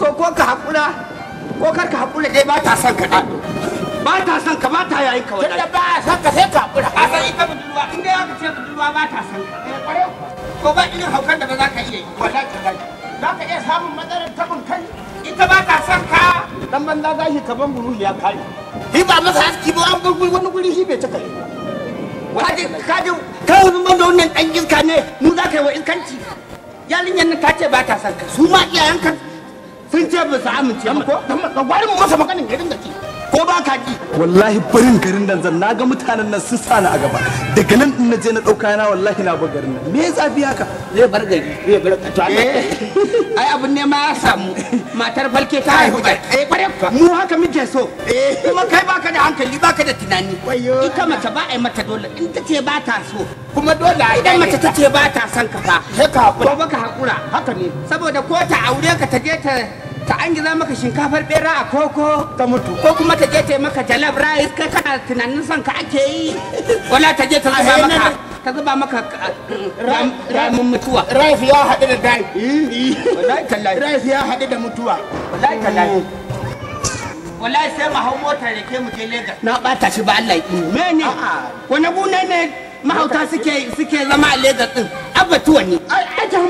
ko ko ka hakura ko kar ka hakura dai ba ta son ka da ba ta son ka ba ta yayin ka wallahi tunda ba a son ka sai ka hakura a san ita budurwa in dai aka ce budurwa ba ta son ka eh, ko ba irin haukan da ba za ka iya yi wallahi za ka ka iya samun matsalar tabin kai ita ba ta son ka dan banza za shi ka ban buruhi ya kare hi ba masa aski ba an gurguri wani guri shi bai ta kai kaji kaji kai wani banda wannan dan iska ne mu za ka yi wa iskanci yarinyar na ta ce ba ta son ka su ma iyayen ka sun ce ba su amince ba ko ka gwari masa maganin garin da ke ko ba ka ki wallahi barin garin nan zan naga mutanen nan su sani a gaba daga nan din naje na dauka na wallahi na bar garin nan me ya zafi haka zai bar gari zai bar to eh. ai abun ne ma ya samu matar falke ta haihu eh bare mu haka muke so eh. kuma kai baka da hankali baka da tunani ita mace ba ai mata dole in ta ce ba ta so kuma dole idan mace ta ce ba ta son ka fa haka ka ka hakura haka ne saboda ko ta aure ka ta je ta ta an gina maka shinkafar bera a koko ka mutu ko kuma ta je ta maka jalab rice ka kana tunanin son ka ake yi *laughs* wala ta je ta zuba eh, maka ta zuba maka eh, ramin mutuwa rice ya haɗu da dai *laughs* wallahi tallahi rice ya haɗu da mutuwa wallahi tallahi mm. wallahi sai mu hau motar da ke mu je Lagos na bata shi ba Allah ya yi mene wani gune ne mahauta suke suke zama a Legas din abatuwa ne ajin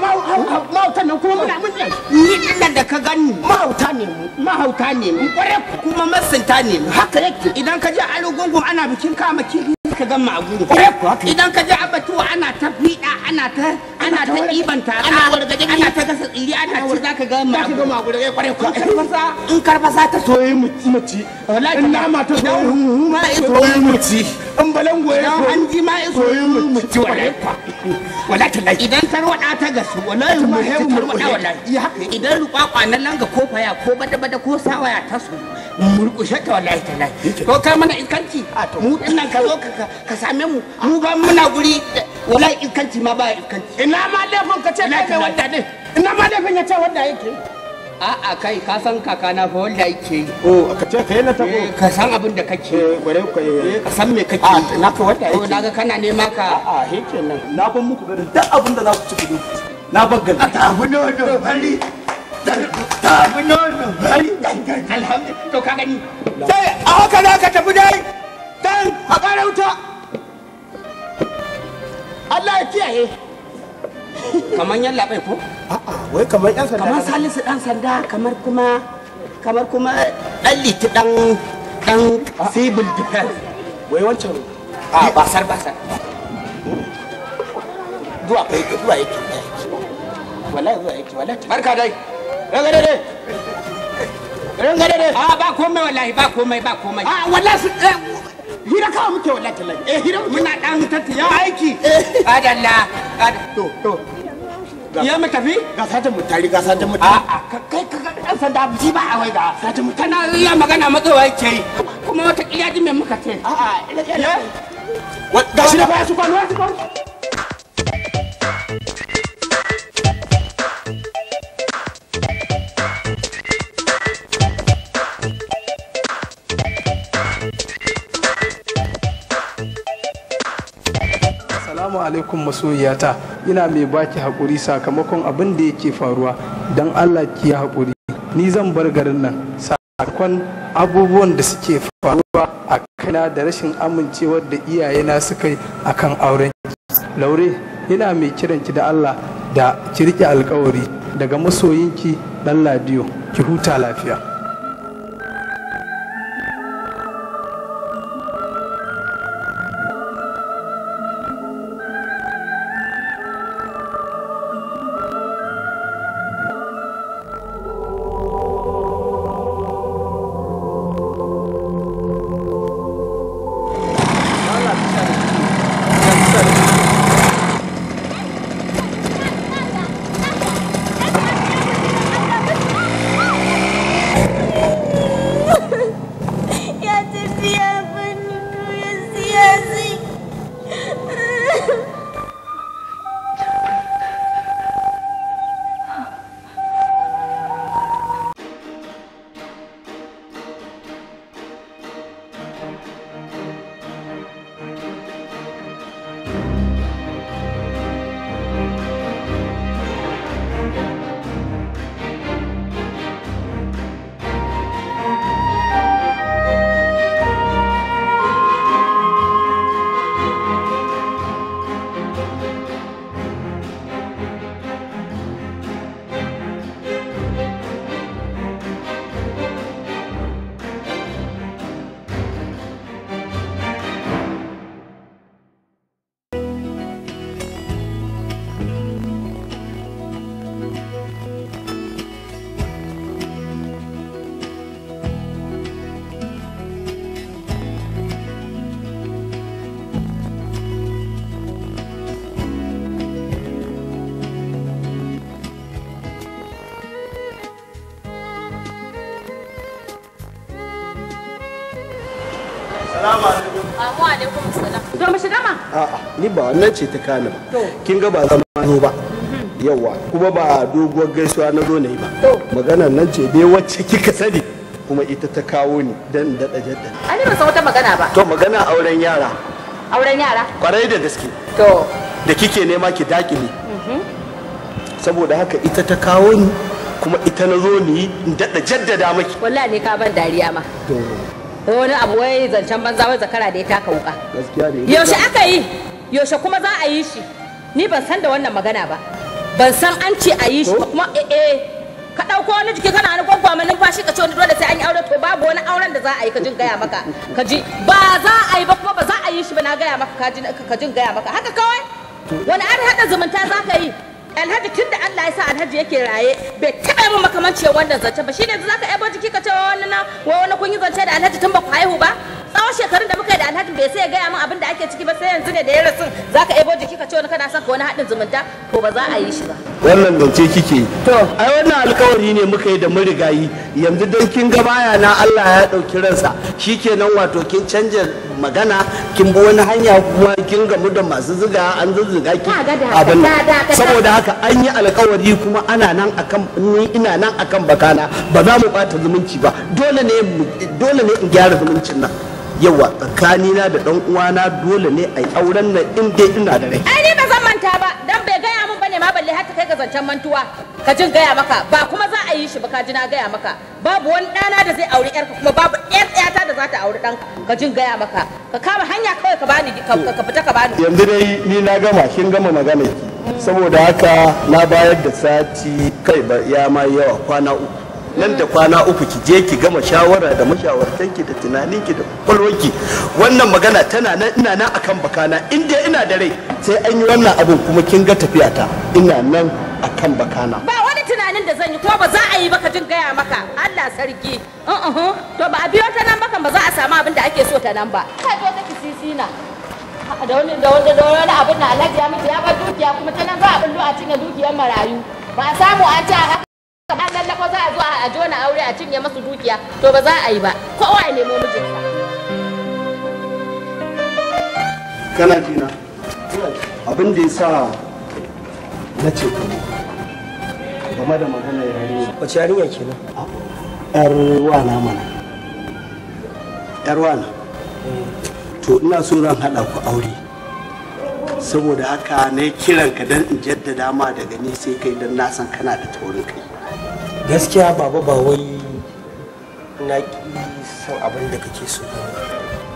mahauta ne kuma muna mun ni dinnan da ka gani mahauta ne mu mahauta ne mu kware kuma masinta ne mu haka yake idan ka je alugungun ana bikin kama kifi ka gan maguru kware idan ka je abatuwa ana ta fiɗa ana ta ana ta ɗiban ta ana wargaje ana ta gasa tsiri ana ci za ka ga ma ka ga ma karfasa in karfasa ta soyi mu ci in nama ta soyi mu soyi mu ci in balango ya soyi an ji mu ci wallahi kwa wallahi tallahi idan tarwada ta gasu wallahi mu hebu tarwada wallahi idan rukwakwa na langa ko faya ko bada bada ko sawaya ta su murkushe ta wallahi tallahi ko kai mana iskanci mu dinnan ka zo ka same mu mu ga muna guri wallahi iskanci ma baya iskanci ina ma laifin ka ce kai wanda ne ina ma laifin ya ce wanda yake a'a kai ka san kakana fa wanda yake yi oh, ka ce kai na eh, ka san abin da kake gware eh, ka eh, ka san me kake a ah, na ka wanda yake na ga kana nema ka na ban muku garin duk abin da za ku ci ku na ban ta abu nono bari ta abu nono bari alhamdulillah to ka gani sai a haka za ka tafi dai dan a Allah ya kiyaye kamar yan labai ko a'a wai kamar yan sanda kamar salisu dan sanda kamar kuma kamar kuma dan liti dan dan civil defense wai wancan a basar basar kai yake wallahi yake wallahi barka dai dai dai a ba komai wallahi ba komai ba komai a wallahi eh, hira kawai muke wallahi tallahi eh hira muna dan tattaya aiki eh, eh. adalla to to ya mu tafi ga sata mu tari ga sata mu a a kai ka ga dan sanda ji ba a wai ga sata mu tana ya magana matsawa yake kuma wata kiyaji me muka ce a a ga shi da ba su ba ne su ba alaikum masoyiyata ina mai baki haƙuri sakamakon abin da yake faruwa don Allah ki ya haƙuri ni zan bar garin nan sakamakon abubuwan da suke faruwa a kaina da rashin amincewar da iyayena suka yi kan auren laure ina mai kiranki da Allah da ki riƙe alƙawari daga masoyinki dan ladiyo ki huta lafiya To mu shiga ma? A'a, ni ba nan ce ta kani ba. Kin ga ba zama zo ba. Mhm. Yawwa, kuma ba doguwar gaisuwa na zo ba. magana nan ce dai wacce kika sani. kuma ita ta kawo ni dan daɗa jaddada. Ani ba san wata magana ba. To magana auren yara. Auren yara? Kwarai da gaske. To. Da kike nema ki dakile. Mhm. Saboda haka ita ta kawo ni kuma ita na zo ni in daɗa jaddada maki. Wallahi ne ka ban dariya ma. To. ko wani abu wai zancen banza wai zakara da ya taka wuka yaushe aka yi yaushe kuma za a yi shi ni ban san da wannan magana ba ban san an ce a yi shi ba kuma eh eh. ka ɗauko wani jiki kana wani gwaggwa mai numfashi ka ce wani dole sai an yi aure to babu wani auren da za a yi ka jin gaya maka ka ji ba za a yi ba kuma ba za a yi shi ba na gaya maka ka jin gaya maka haka kawai wani an haɗa zumunta za ka yi alhaji tun da Allah ya sa alhaji yake raye bai taɓa min makamanci wannan zance ba shine zaka ebo jiki ka ce wani na wani kun yi zance da alhaji tun ba ku haihu ba tsawon shekarun da muka yi da alhaji bai sai ya gaya min abin da ake ciki ba sai yanzu ne da ya rasu za ka ebo jiki ka ce wani kana son ka wani haɗin zumunta ko ba za a yi shi ba. wannan zance kike to ai wannan alkawari ne muka yi da yi yanzu don kin ga baya na Allah ya ɗauki ransa shikenan wato kin canja magana kin bi wani hanya kuma kin gamu da masu ziga an zuzzuga ki abin saboda haka an yi alkawari kuma ana nan akan ni ina nan akan bakana ba za mu bata zumunci ba dole ne dole ne in gyara zumuncin nan yawa tsakanina da dan uwana dole ne a yi auren nan in dai ina da rai ai ni ba zan manta ba dan bai gaya mun bane ma balle har ta kai ga zancen mantuwa ka jin gaya maka ba kuma za a yi shi ba ka jina gaya maka babu wani ɗana da zai auri yarka kuma babu yar ɗayata da za ta auri ɗanka ka jin gaya maka ka kama hanya kawai ka bani ka fita ka bani yanzu dai ni na gama kin gama magana ki saboda haka na bayar da sati kai ba ya ma yawa kwana uku nan da kwana uku ki je ki gama shawara da mashawartanki da tunaninki da kwalwanki wannan magana tana nan ina nan akan bakana in dai ina da rai sai an yi wannan abin kuma kin ga tafiya ta ina nan akan bakana ba wani tunanin da zan yi kuma ba za a yi baka jin gaya maka Allah sarki uh-uh. to ba a biyo ta nan maka ba za a samu abin da ake so ta nan ba kai zo kake sisina da wani da wani da wani abin da Alhaji ya miki ya bar dukiya kuma ta nan za a bullo a cinye dukiyar marayu ba a samu an ci a a jona aure a cinye masu dukiya to ba za a yi ba kowa ya nemo ka kana jina abin da ya sa na ce kuma game da magana yarinya wace yarinya kenan yar wana mana yar wana to ina so zan haɗa ku aure saboda haka kiran kiranka don in jaddada ma daga ni sai kai don na san kana da taurin kai gaskiya baba ba wai na ki son abin da kake so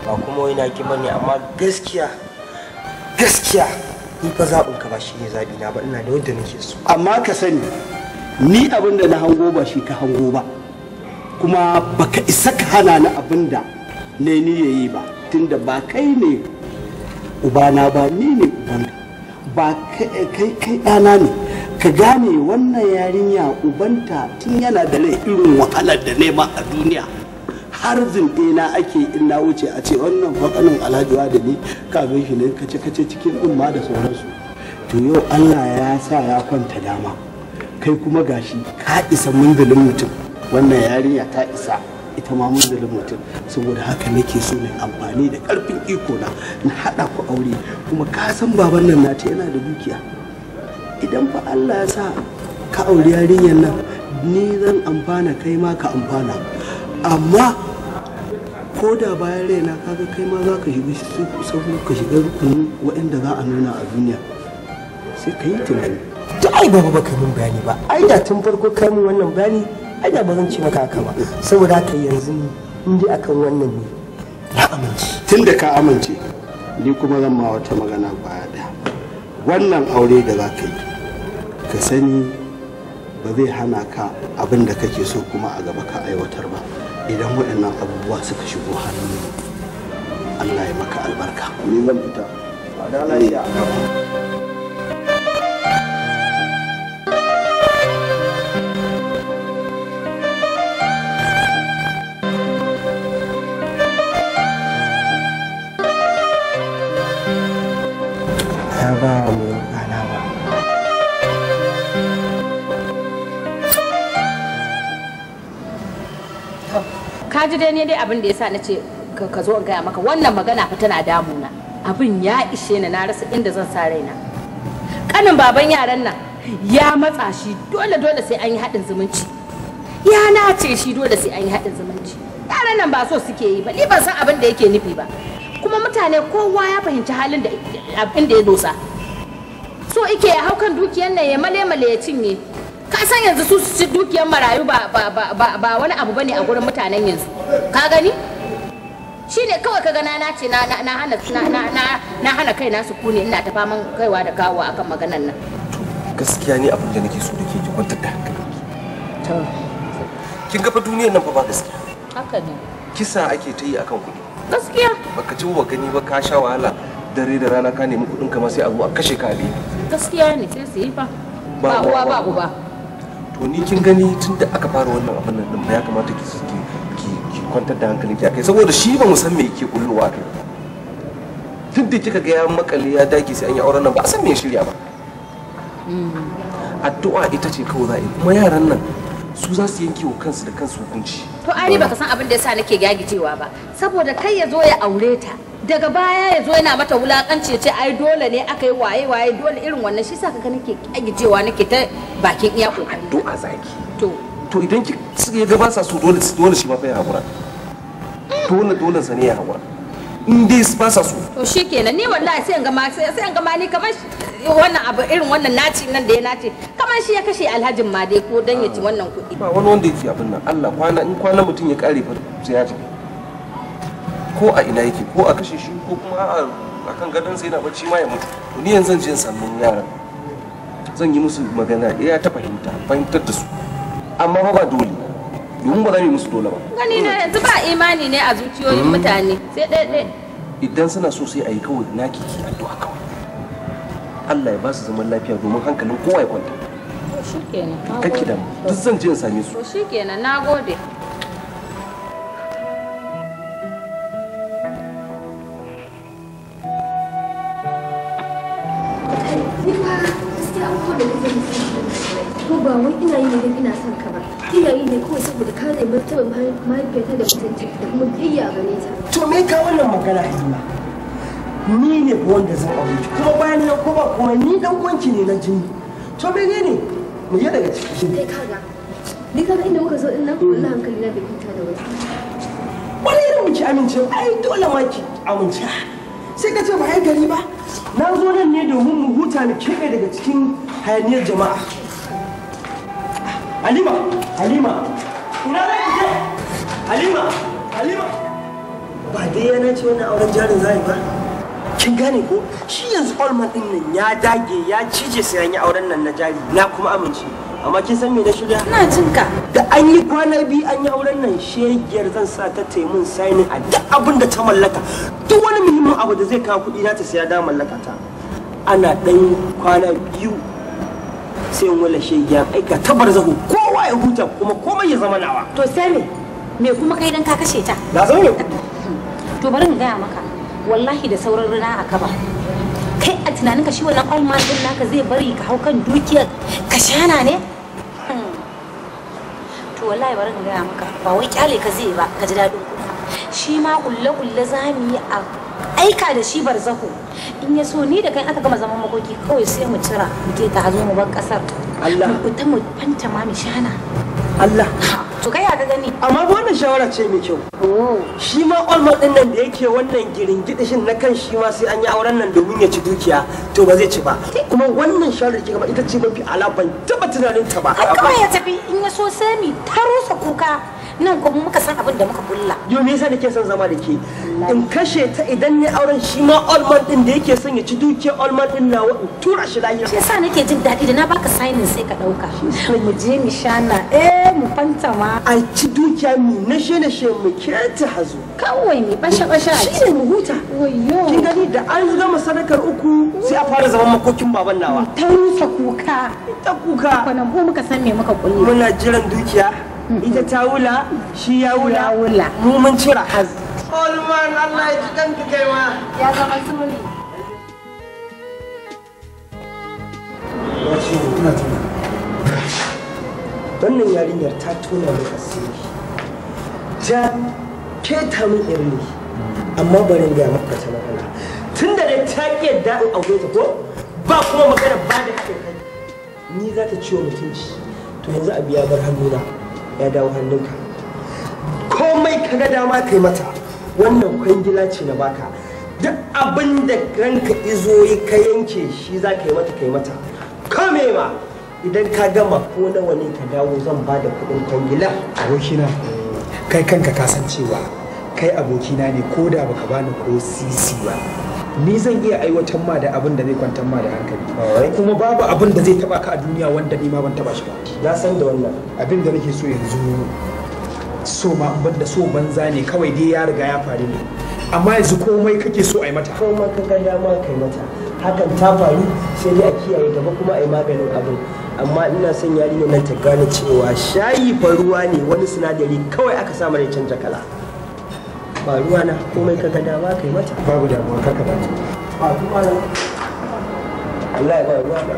ba kuma wai na ki bane amma gaskiya gaskiya ni fa zaɓin ka ba shi ne zaɓi na ba ina da wanda nake so amma ka sani ni abin da na hango ba shi ka hango ba kuma baka isa ka hana ni abin da ne ni yayi ba tunda ba kai ne ubana ba ni ne ubana ba kai kai ɗana ne ka gane wannan yarinya ubanta tun yana da lai irin wahalar da nema a duniya har na ake in na wuce a ce wannan bakanin alhajiwa da ni kamin shi ne kace kace cikin umma da sauransu to yau allah ya sa ya kwanta dama kai kuma gashi ka isa mundulin mutum wannan yarinya ta isa ita ma mundulin mutum saboda haka nake so na amfani da karfin iko na na haɗa ku aure kuma ka san baban nan nata yana da dukiya idan fa Allah ya sa ka auri yarinyar nan ni zan amfana kai ma ka amfana amma ko da bayan raina kaga kai ma za ka shiga sabu ka shiga rukunin waɗanda za a nuna a duniya sai ka yi tunani da ai ba ba mun bayani ba ai da tun farko kai mun wannan bayani ai da ba zan ce maka haka ba saboda haka yanzu ni in akan wannan ne na amince tunda ka amince ni kuma zan ma wata magana baya wannan aure da za ka yi ka sani ba zai hana ka abin da kake so kuma a gaba ka aiwatar ba idan waɗannan abubuwa suka shigo hannu Allah ya maka albarka ni zan fita ba da na ji dai ne dai abin da yasa nace ce ka zo gaya maka wannan magana fa tana damuna abin ya ishe ni na rasa inda zan sa raina kanin baban yaran nan ya matsa shi dole dole sai an yi haɗin zumunci ya nace shi dole sai an yi haɗin zumunci yaran nan ba so suke yi ba ni ban san abin da yake nufi ba kuma mutane kowa ya fahimci halin da abin da ya dosa so ike ya haukan dukiyar nan ya male male ya cinye ka san yanzu su su ci dukiyar marayu ba ba ba ba wani abu bane a gurin mutanen yanzu ka gani shi ne kawai ka gana na ce na hana na hana kai na kune ina ta faman kaiwa da kawo akan maganar nan gaskiya ne abin da nake so da ke ki kwantar da hankali kin ga fa duniyar nan fa ba gaskiya haka ne kisa ake ta yi akan kuɗi gaskiya baka ci wa gani ba ka sha wahala dare da rana ka nemi kuɗin kama sai abu a kashe ka ali gaskiya ne sai su yi fa ba uwa ba uba to ni kin gani tunda aka fara wannan abin nan ya kamata ki kwantar da hankali ta kai saboda shi ba mu san me yake kullowa kai tun da kika ga ya makale ya daki sai an yi auren nan ba san me ya shirya ba mm. addu'a ita ce kawai za a yi kuma yaran nan su za su yanke wa kansu da kansu hukunci to ai baka san abin da yasa nake gagicewa ba saboda kai ya zo ya aure ta daga baya ya zo yana mata wulakanci ya ce ai dole ne aka yi waye waye dole irin wannan shi sa kaga nake gagicewa nake ta bakin iya kokari addu'a zaki to to idan ki ya ga ba sa so dole dole shi ma fa ya hakura dole dole sa ne ya hakura in dai ba sa so to shikenan ni wallahi sai ga ma sai ga ma ni kamar wannan abu irin wannan naci nan da ya nace kamar shi ya kashe alhajin ma dai ko dan ya ci wannan kuɗi ba wani wanda yake abin nan Allah kwana in kwana mutum ya kare fa sai ya ci ko a ina yake ko a kashe shi ko kuma a akan gadon sai yana bacci ma ya mutu to ni yanzu zan je mun yaran zan yi musu magana eh, ya ta fahimta fahimtar da su amma fa ba dole domin ba za mu yi musu dole ba gani na yanzu ba imani ne a zuciyoyin hmm? mutane sai ɗaiɗai idan suna so sai a yi kawai na kiki addu'a kawai Allah ya ba su zaman lafiya domin hankalin kowa ya kwanta shikenan kake da mu duk zan je in same su shikenan nagode ba wai ina yi ne ina To me ka wannan magana hima. Ni ne wanda zan aure ki kuma bayan nan kuma kuma ni dan wanki ne na jini. To me ne? Mu yi daga cikin ciki. Kai kaga. Ni kaga inda muka zo din nan mm. wallahi hankali na bai huta da wani. Wani irin muke amince ai dole ma ki amince. Sai ka ce ba ai gari ba. Na zo nan ne domin mu huta ni keɓe daga cikin hayaniyar jama'a. Halima, Halima, ina za ki halima halima ba dai yana ce auren jarin zai ba kin gane ko shi yanzu olman din nan ya dage ya cije sai an yi auren nan na jari na kuma amince amma kin san me na shirya ina jin ka da an yi kwana biyu an yi auren nan shegiyar zan sa ta taimun sainin a duk abin da ta mallaka duk wani muhimmin abu da zai kawo kuɗi na ta saya da mallaka ta ana ɗan kwana biyu sai in wala shegiya aika tabar zaho ko kowa ya huta kuma komai ya zama nawa to sai me me kuma kai dan ka kashe ta na zo ne to bari in gaya maka wallahi da sauran rana a kaba kai a tunanin ka shi wannan alman din naka zai bari ka hau kan dukiyar ka shana ne hmm. to wallahi bari in gaya maka ba wai kyale ka zai ba ka ji dadin kuɗi shi ma kulle-kulle za mu yi a aika da shi barzaho in ya so ni da kai aka gama zaman makoki kawai sai mu cira mu je ta zo mu ban kasar Allah mu ta mu fanta ma mu shana Allah to kai ya ga gani amma wannan shawara ce mai kyau oh. shi ma olmo din nan da yake wannan giringidishin na kan shi ma sai an yi auren nan domin ya ci dukiya to ba zai ci ba kuma wannan shawarar da kika ita ce mafi alaban tunanin ta ba a ya tafi in ya so sai mi taro sa kuka nan kuma muka san abin da muka bulla. yo me yasa nake son zama da ke in kashe ta idan ne auren shi ma olman din da yake son ya ci dukiyar olman din nawa in tura shi lahira shi yasa nake jin daɗi da na baka signing sai ka ɗauka mu je mu shana eh mu fanta ma a ci dukiya mu na she na she mu kirta hazo kawai sha ba sha. shi ne mu huta wayo kin gani da an gama sadakar uku sai a fara zaman makokin baban nawa ta rusa kuka ta kuka kwanan mu muka san me muka kulle muna jiran dukiya ita ta wula shi ya wula mu mun cira Holman Allah ya ji kanka kai ma ya zama sumuni wannan yarinyar ta tona da asiri ja ta min irini amma barin ga maka ta magana tun da dai ta ke yadda aure ta ko ba kuma magana ba da haɗin kai ni za ta ciwo mutunci to yanzu a biya bar hannuna ya dawo hannunka komai ka ga dama kai mata wannan kwangila ce na baka duk abin da ranka izo yi ka yanke shi za ka yi mata kai mata kame ma idan ka gama ko nawa ne ka dawo zan ba da kuɗin kwangila abokina kai kanka ka kai abokina ne ko da baka bani ko sisi ba ni zan iya aiwatar ma da abin da zai kwantar ma da hankali kuma babu abin da zai taba ka a duniya wanda ni ma ban taba shi ba na san da wannan abin da nake so yanzu so ma ban da so banza ne kawai dai ya riga ya faru ne amma yanzu komai kake so a yi mata komai ka ga dama kai mata hakan ta faru sai dai a kiyaye gaba kuma a yi maganin abin amma ina son yarinya nan ta gane cewa shayi ruwa ne wani sinadari kawai aka sa ne canja kala ba ruwa na komai ka ga dama kai mata babu damuwa kaka da. ba ruwa na Allah ya ba ruwa na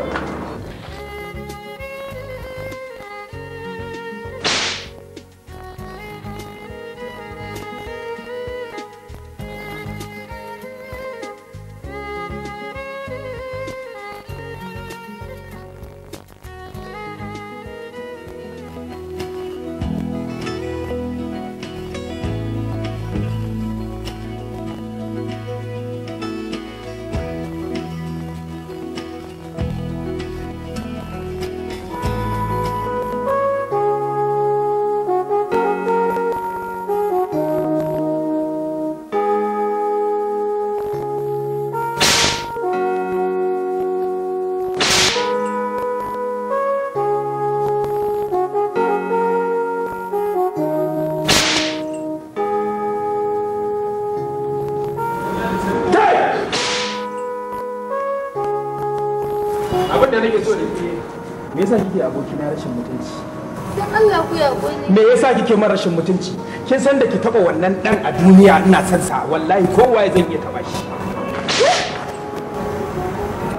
yasa kike aboki na rashin mutunci dan Allah ku yaƙuri me yasa kike mara rashin mutunci kin san da ki taba wannan dan a duniya ina san sa wallahi kowa zan iya taba shi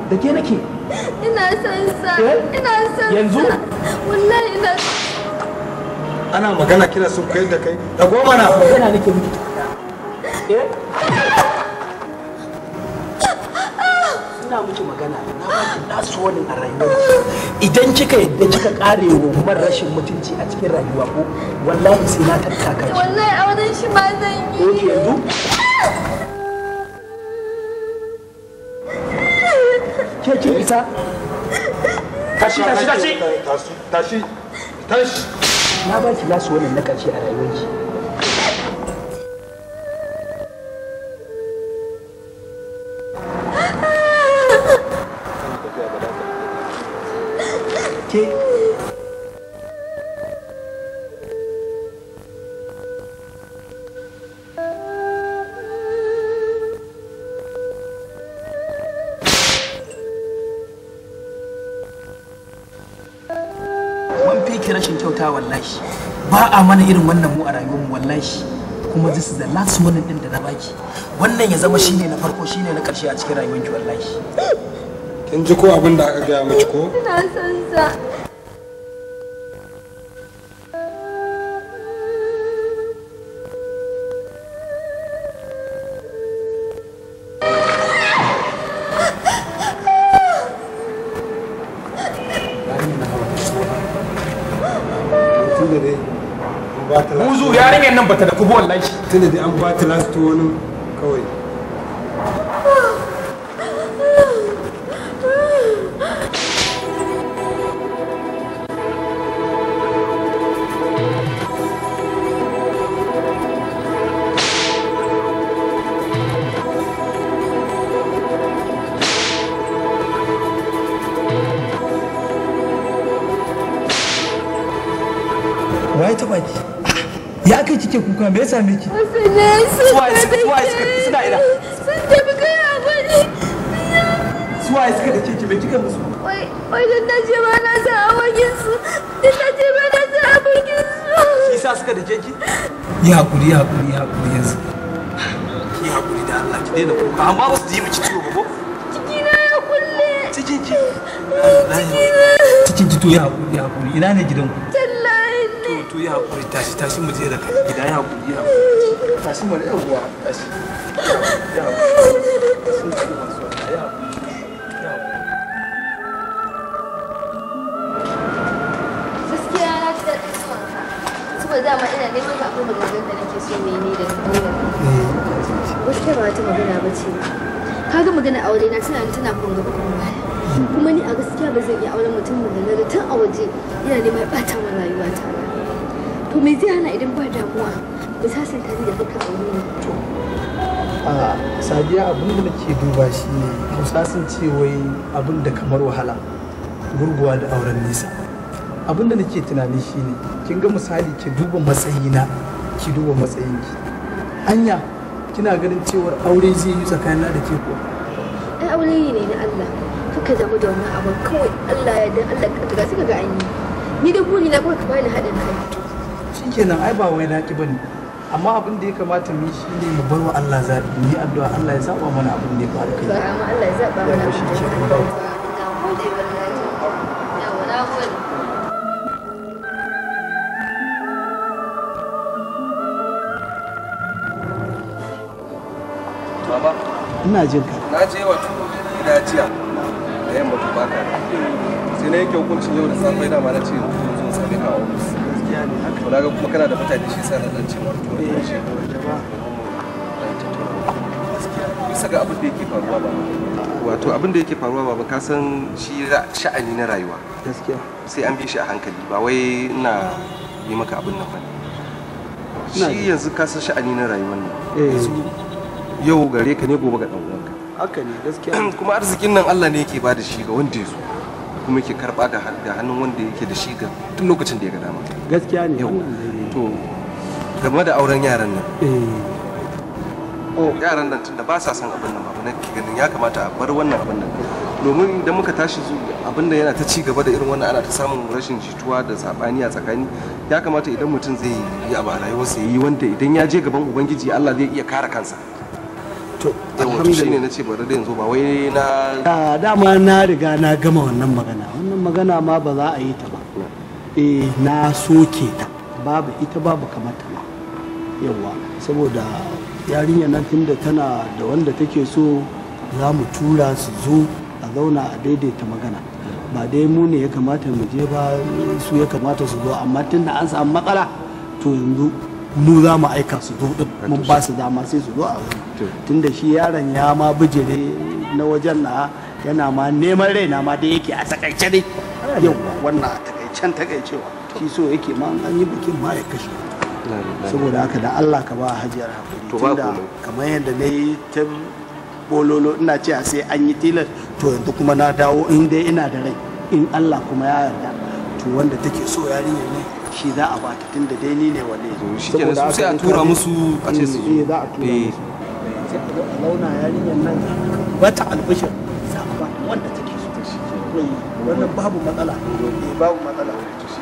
da ke nake ina san sa eh? ina son yanzu wallahi ina ana magana kina sun kai da kai da goma na magana nake miki eh miki magana na ba ki wani a idan kika yadda kika kare wa rashin mutunci a cikin rayuwa ko wallahi sai na tattaka ki wallahi a wajen shi ba zan yi ko yanzu ke isa tashi tashi tashi tashi tashi na wani na karshe a rayuwarki ba a mana irin wannan mu a rayuwar mu wallahi kuma this is the last warning din da na baki wannan ya zama shine na farko shine na karshe a cikin rayuwar ki wallahi kin ji ko abin da aka gaya miki ko ina san sa bata da kubo wallahi tunda dai an ba ta last wani kawai kuma me suka ina da me kika musu na je ba na sa a su na je ba na sa a sa suka ya hakuri ya hakuri ya hakuri yanzu ki hakuri da Allah ki daina kuka amma ba su ji ya kulle cikin cikin ki to ya hakuri ya hakuri ina ne gidanku to yi hakuri tashi tashi mu je da kai gida ya hakuri ya hakuri tashi mu da yawa tashi ya Kaga magana aure na tana tana kun gaba Kuma ni a gaskiya ba zan iya auren mutum da tun a waje yana neman ɓata rayuwa ta ba. to me zai hana idan ba damuwa ba sasanta ni da kuka a wani to a sadiya abin da nake duba shi ne mu sasance wai abin da kamar wahala gurguwa da auren nisa abin da nake tunani shine kin ga misali ki duba matsayina ki duba matsayinki anya kina ganin cewar aure zai yi tsakanin da ke ko ai aure ne na Allah kaka damu da wannan abin kawai Allah ya dan Allah ka ga sai ka ga an yi ni da buri na kawai ka bani haɗin kai kenan ai ba wai naki bane amma abin da ya kamata mu yi shine mu bar wa Allah zabi mu yi addu'a Allah ya saba mana abin da ya faru kai amma Allah ya saba mana abin da ya faru ina jin ka na je wa gida jiya da yamma to baka sai na yake hukuncin yau da safe da ma na ce zo sami ka ofis to daga kuma kana da mutane shi sa na dan ce mu to eh, shi bisa ga abin da yake faruwa ba wato abin da yake faruwa ba ka san shi sha'ani na rayuwa gaskiya sai an bi shi a hankali ba wai ina yi maka abin nan bane shi yanzu ka san sha'ani na rayuwar nan eh. yau gare ka ne gobe ga dan uwanka haka ne gaskiya *clears throat* kuma arzikin nan Allah ne yake bada shi ga wanda ya zo kuma yake karba da hannun wanda yake da shi ga tun lokacin da ya ga dama gaskiya ne to game da auren yaran nan eh. oh, yaran nan tun da ba sa son abin nan ba na ganin ya kamata a bar wannan abin nan domin idan muka tashi abin da yana ta ci gaba da irin wannan ana ta samun rashin jituwa da sabani a tsakani ya kamata idan mutum zai yi abu a rayuwarsa yi wanda idan ya je gaban ubangiji Allah zai iya kare kansa to alhamdulillah na ce bari da yanzu ba wai na dama na riga na gama wannan magana wannan magana ma ba za a yi ta ba hmm. eh na soke ta babu ita babu kamar ta ba yawa saboda yarinya nan tunda tana da wanda take so za mu tura su zo a zauna a daidaita magana ba dai mu ne ya kamata mu je ba su ya kamata su zo amma tunda an samu matsala to yanzu mu za mu aika su zo mun ba su dama sai su zo a wuri tunda shi yaron ya ma bijire na wajen na yana ma neman raina ma da yake a takaice dai yau wannan a takaicen takaicewa shi so yake ma an yi bikin ma ya kashe saboda haka da Allah ka ba hajiyar hakuri tunda kamar yadda na yi ta bololo ina ce a sai an yi tilas to yanzu kuma na dawo in dai ina da rai in Allah kuma ya yarda to wanda take so yarinya ne shi za a bata tun da dai ni ne wale shi ke su sai a tura musu a ce su za a tura eh. musu sai a zo a launa yarinyar nan wata albishir za ku bata wanda take so wannan babu matsala eh, babu matsala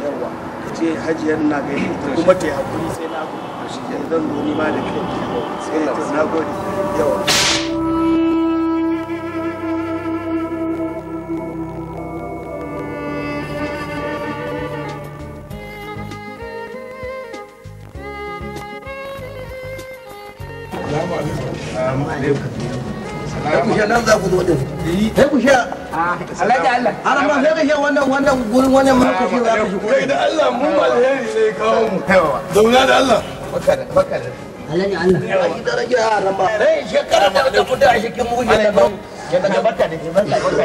yawa ta ce hajiyar na ga ita kuma ta yi hakuri sai na gode eh, zan doni ma da kai sai ta na gode yawa alhaji Allah ana ma sai kashe wannan wannan gurin wannan mun kashe kai da Allah mun alheri ne kawo mu da Allah baka da baka da alhaji Allah ai daraja ramba rai shekara da da kuda shi kin mu ne ba ya daga barka da ke barka barka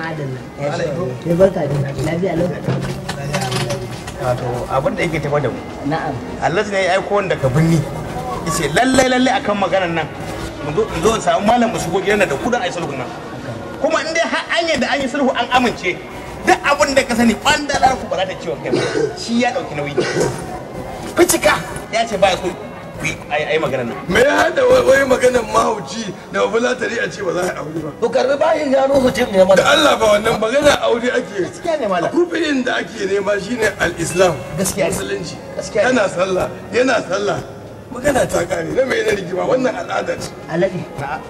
madalla ya barka da wato abin da yake tafa da mu na'am Allah ne ya aiko wanda ka binni yace lallai lallai akan maganar nan mu zo in samu malam mu shigo gidan da kudin aisulun nan kuma in dai har an yadda an yi sulhu an amince duk abin da ka sani kwandalar ku ba za ta ciwon kai ba shi ya dauki nauyi fitika ya ce ba ya so ai magana nan me ya hada wai maganar mahauci da bulatari a ce ba za a aure ba to karbi bayin gano mutum ne mana da Allah ba wannan magana aure ake gaskiya ne malam rufi'in da ake nema shine al-islam gaskiya musulunci gaskiya kana sallah yana sallah magana ta kare na mai na rigima wannan al'ada ce alade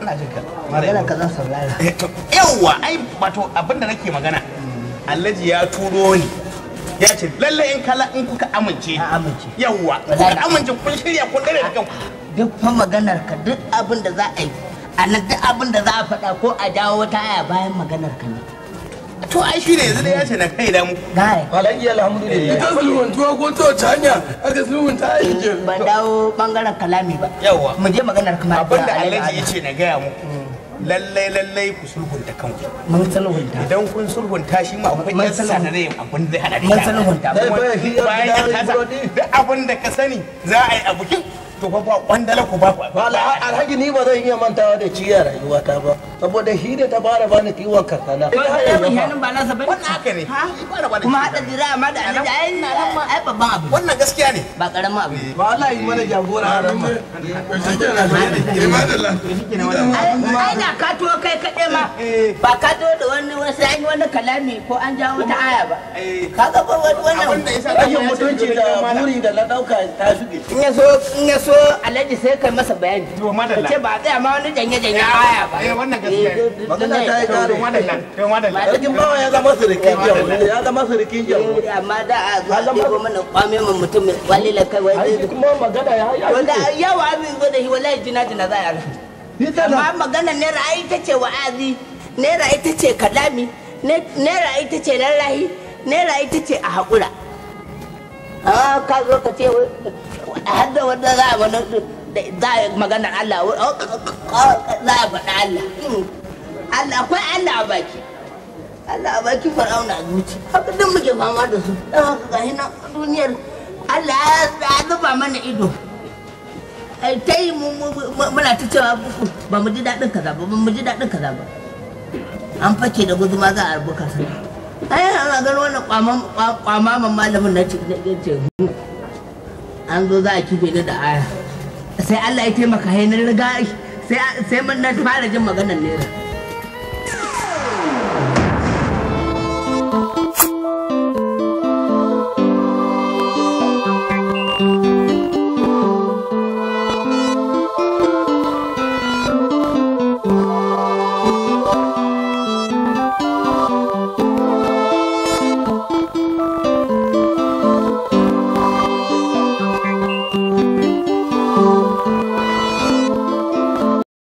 ina jin ka magana ka zan saurara eh, yawa ai wato abinda nake magana alhaji ya turo ni ya ce lalle in kala in kuka amince amince yawa kuka amince kun shirya kun dare da kanku duk fa maganar ka duk abin da za a yi a nan duk abin da za a faɗa ko a jawo wata a bayan maganar ka ne to ai shi ne yanzu da ya ce na kai da mu gai alhaji alhamdulillah ita ko to sulhunta ai ke ban dawo bangaren kalami ba yawa mu je maganar kuma abinda alhaji ya ce na gaya muku lallai lallai ku sulhunta kanku mun sulhunta idan kun sulhunta shi ma akwai yan abin hada da mun sulhunta bayan ka sani duk abin da ka sani za a yi a bikin to ba ba kwandala ku ba alhaji ni ba zan iya mantawa da ciya rayuwata ba saboda shi da ta fara bani kiwon karkana ba ya mun yanin ba nasa bane wannan haka ne kuma hada dira ma da alhaji ai ai babban abu wannan gaskiya ne ba karamin abu eh, ba Allah yi mana jagora a ran eh, eh, ma ai da ka to kai kaɗai ma ba ka to da wani wasu an yi wani kalami ko an jawo ta aya ba ka ga ba wani wannan rashin mutunci da muri da na ɗauka ta shuge in ya so in ya so zo alhaji sai kai masa bayani to madalla ce ba tsaya ma wani janye janye aya ba eh wannan gaskiya eh, magana ta yi madalla to madalla ya zama ya zama eh, amma da a zo kwame mun mutum walila kai wai kuma magana ya wanda yawa abin zo da shi wallahi jina jina za amma magana ai ce wa'azi ce kalami ce lallahi ce a haƙura ah, ka zo ka ce har da wanda za a wani za a magana Allah za a faɗa Allah Allah akwai Allah a baki Allah a baki fara'una zuci haka duk muke fama da su don haka ga hinan duniyar Allah ya zuba mana ido ta yi muna ta cewa ba mu ji daɗin kaza ba ba mu ji daɗin kaza ba an fake da guzuma za a rubuka sana ai ana ganin wannan kwamaman malamin na ce an zo za a ni da aya sai Allah ya taimaka hainar riga sai na fara jin maganar nera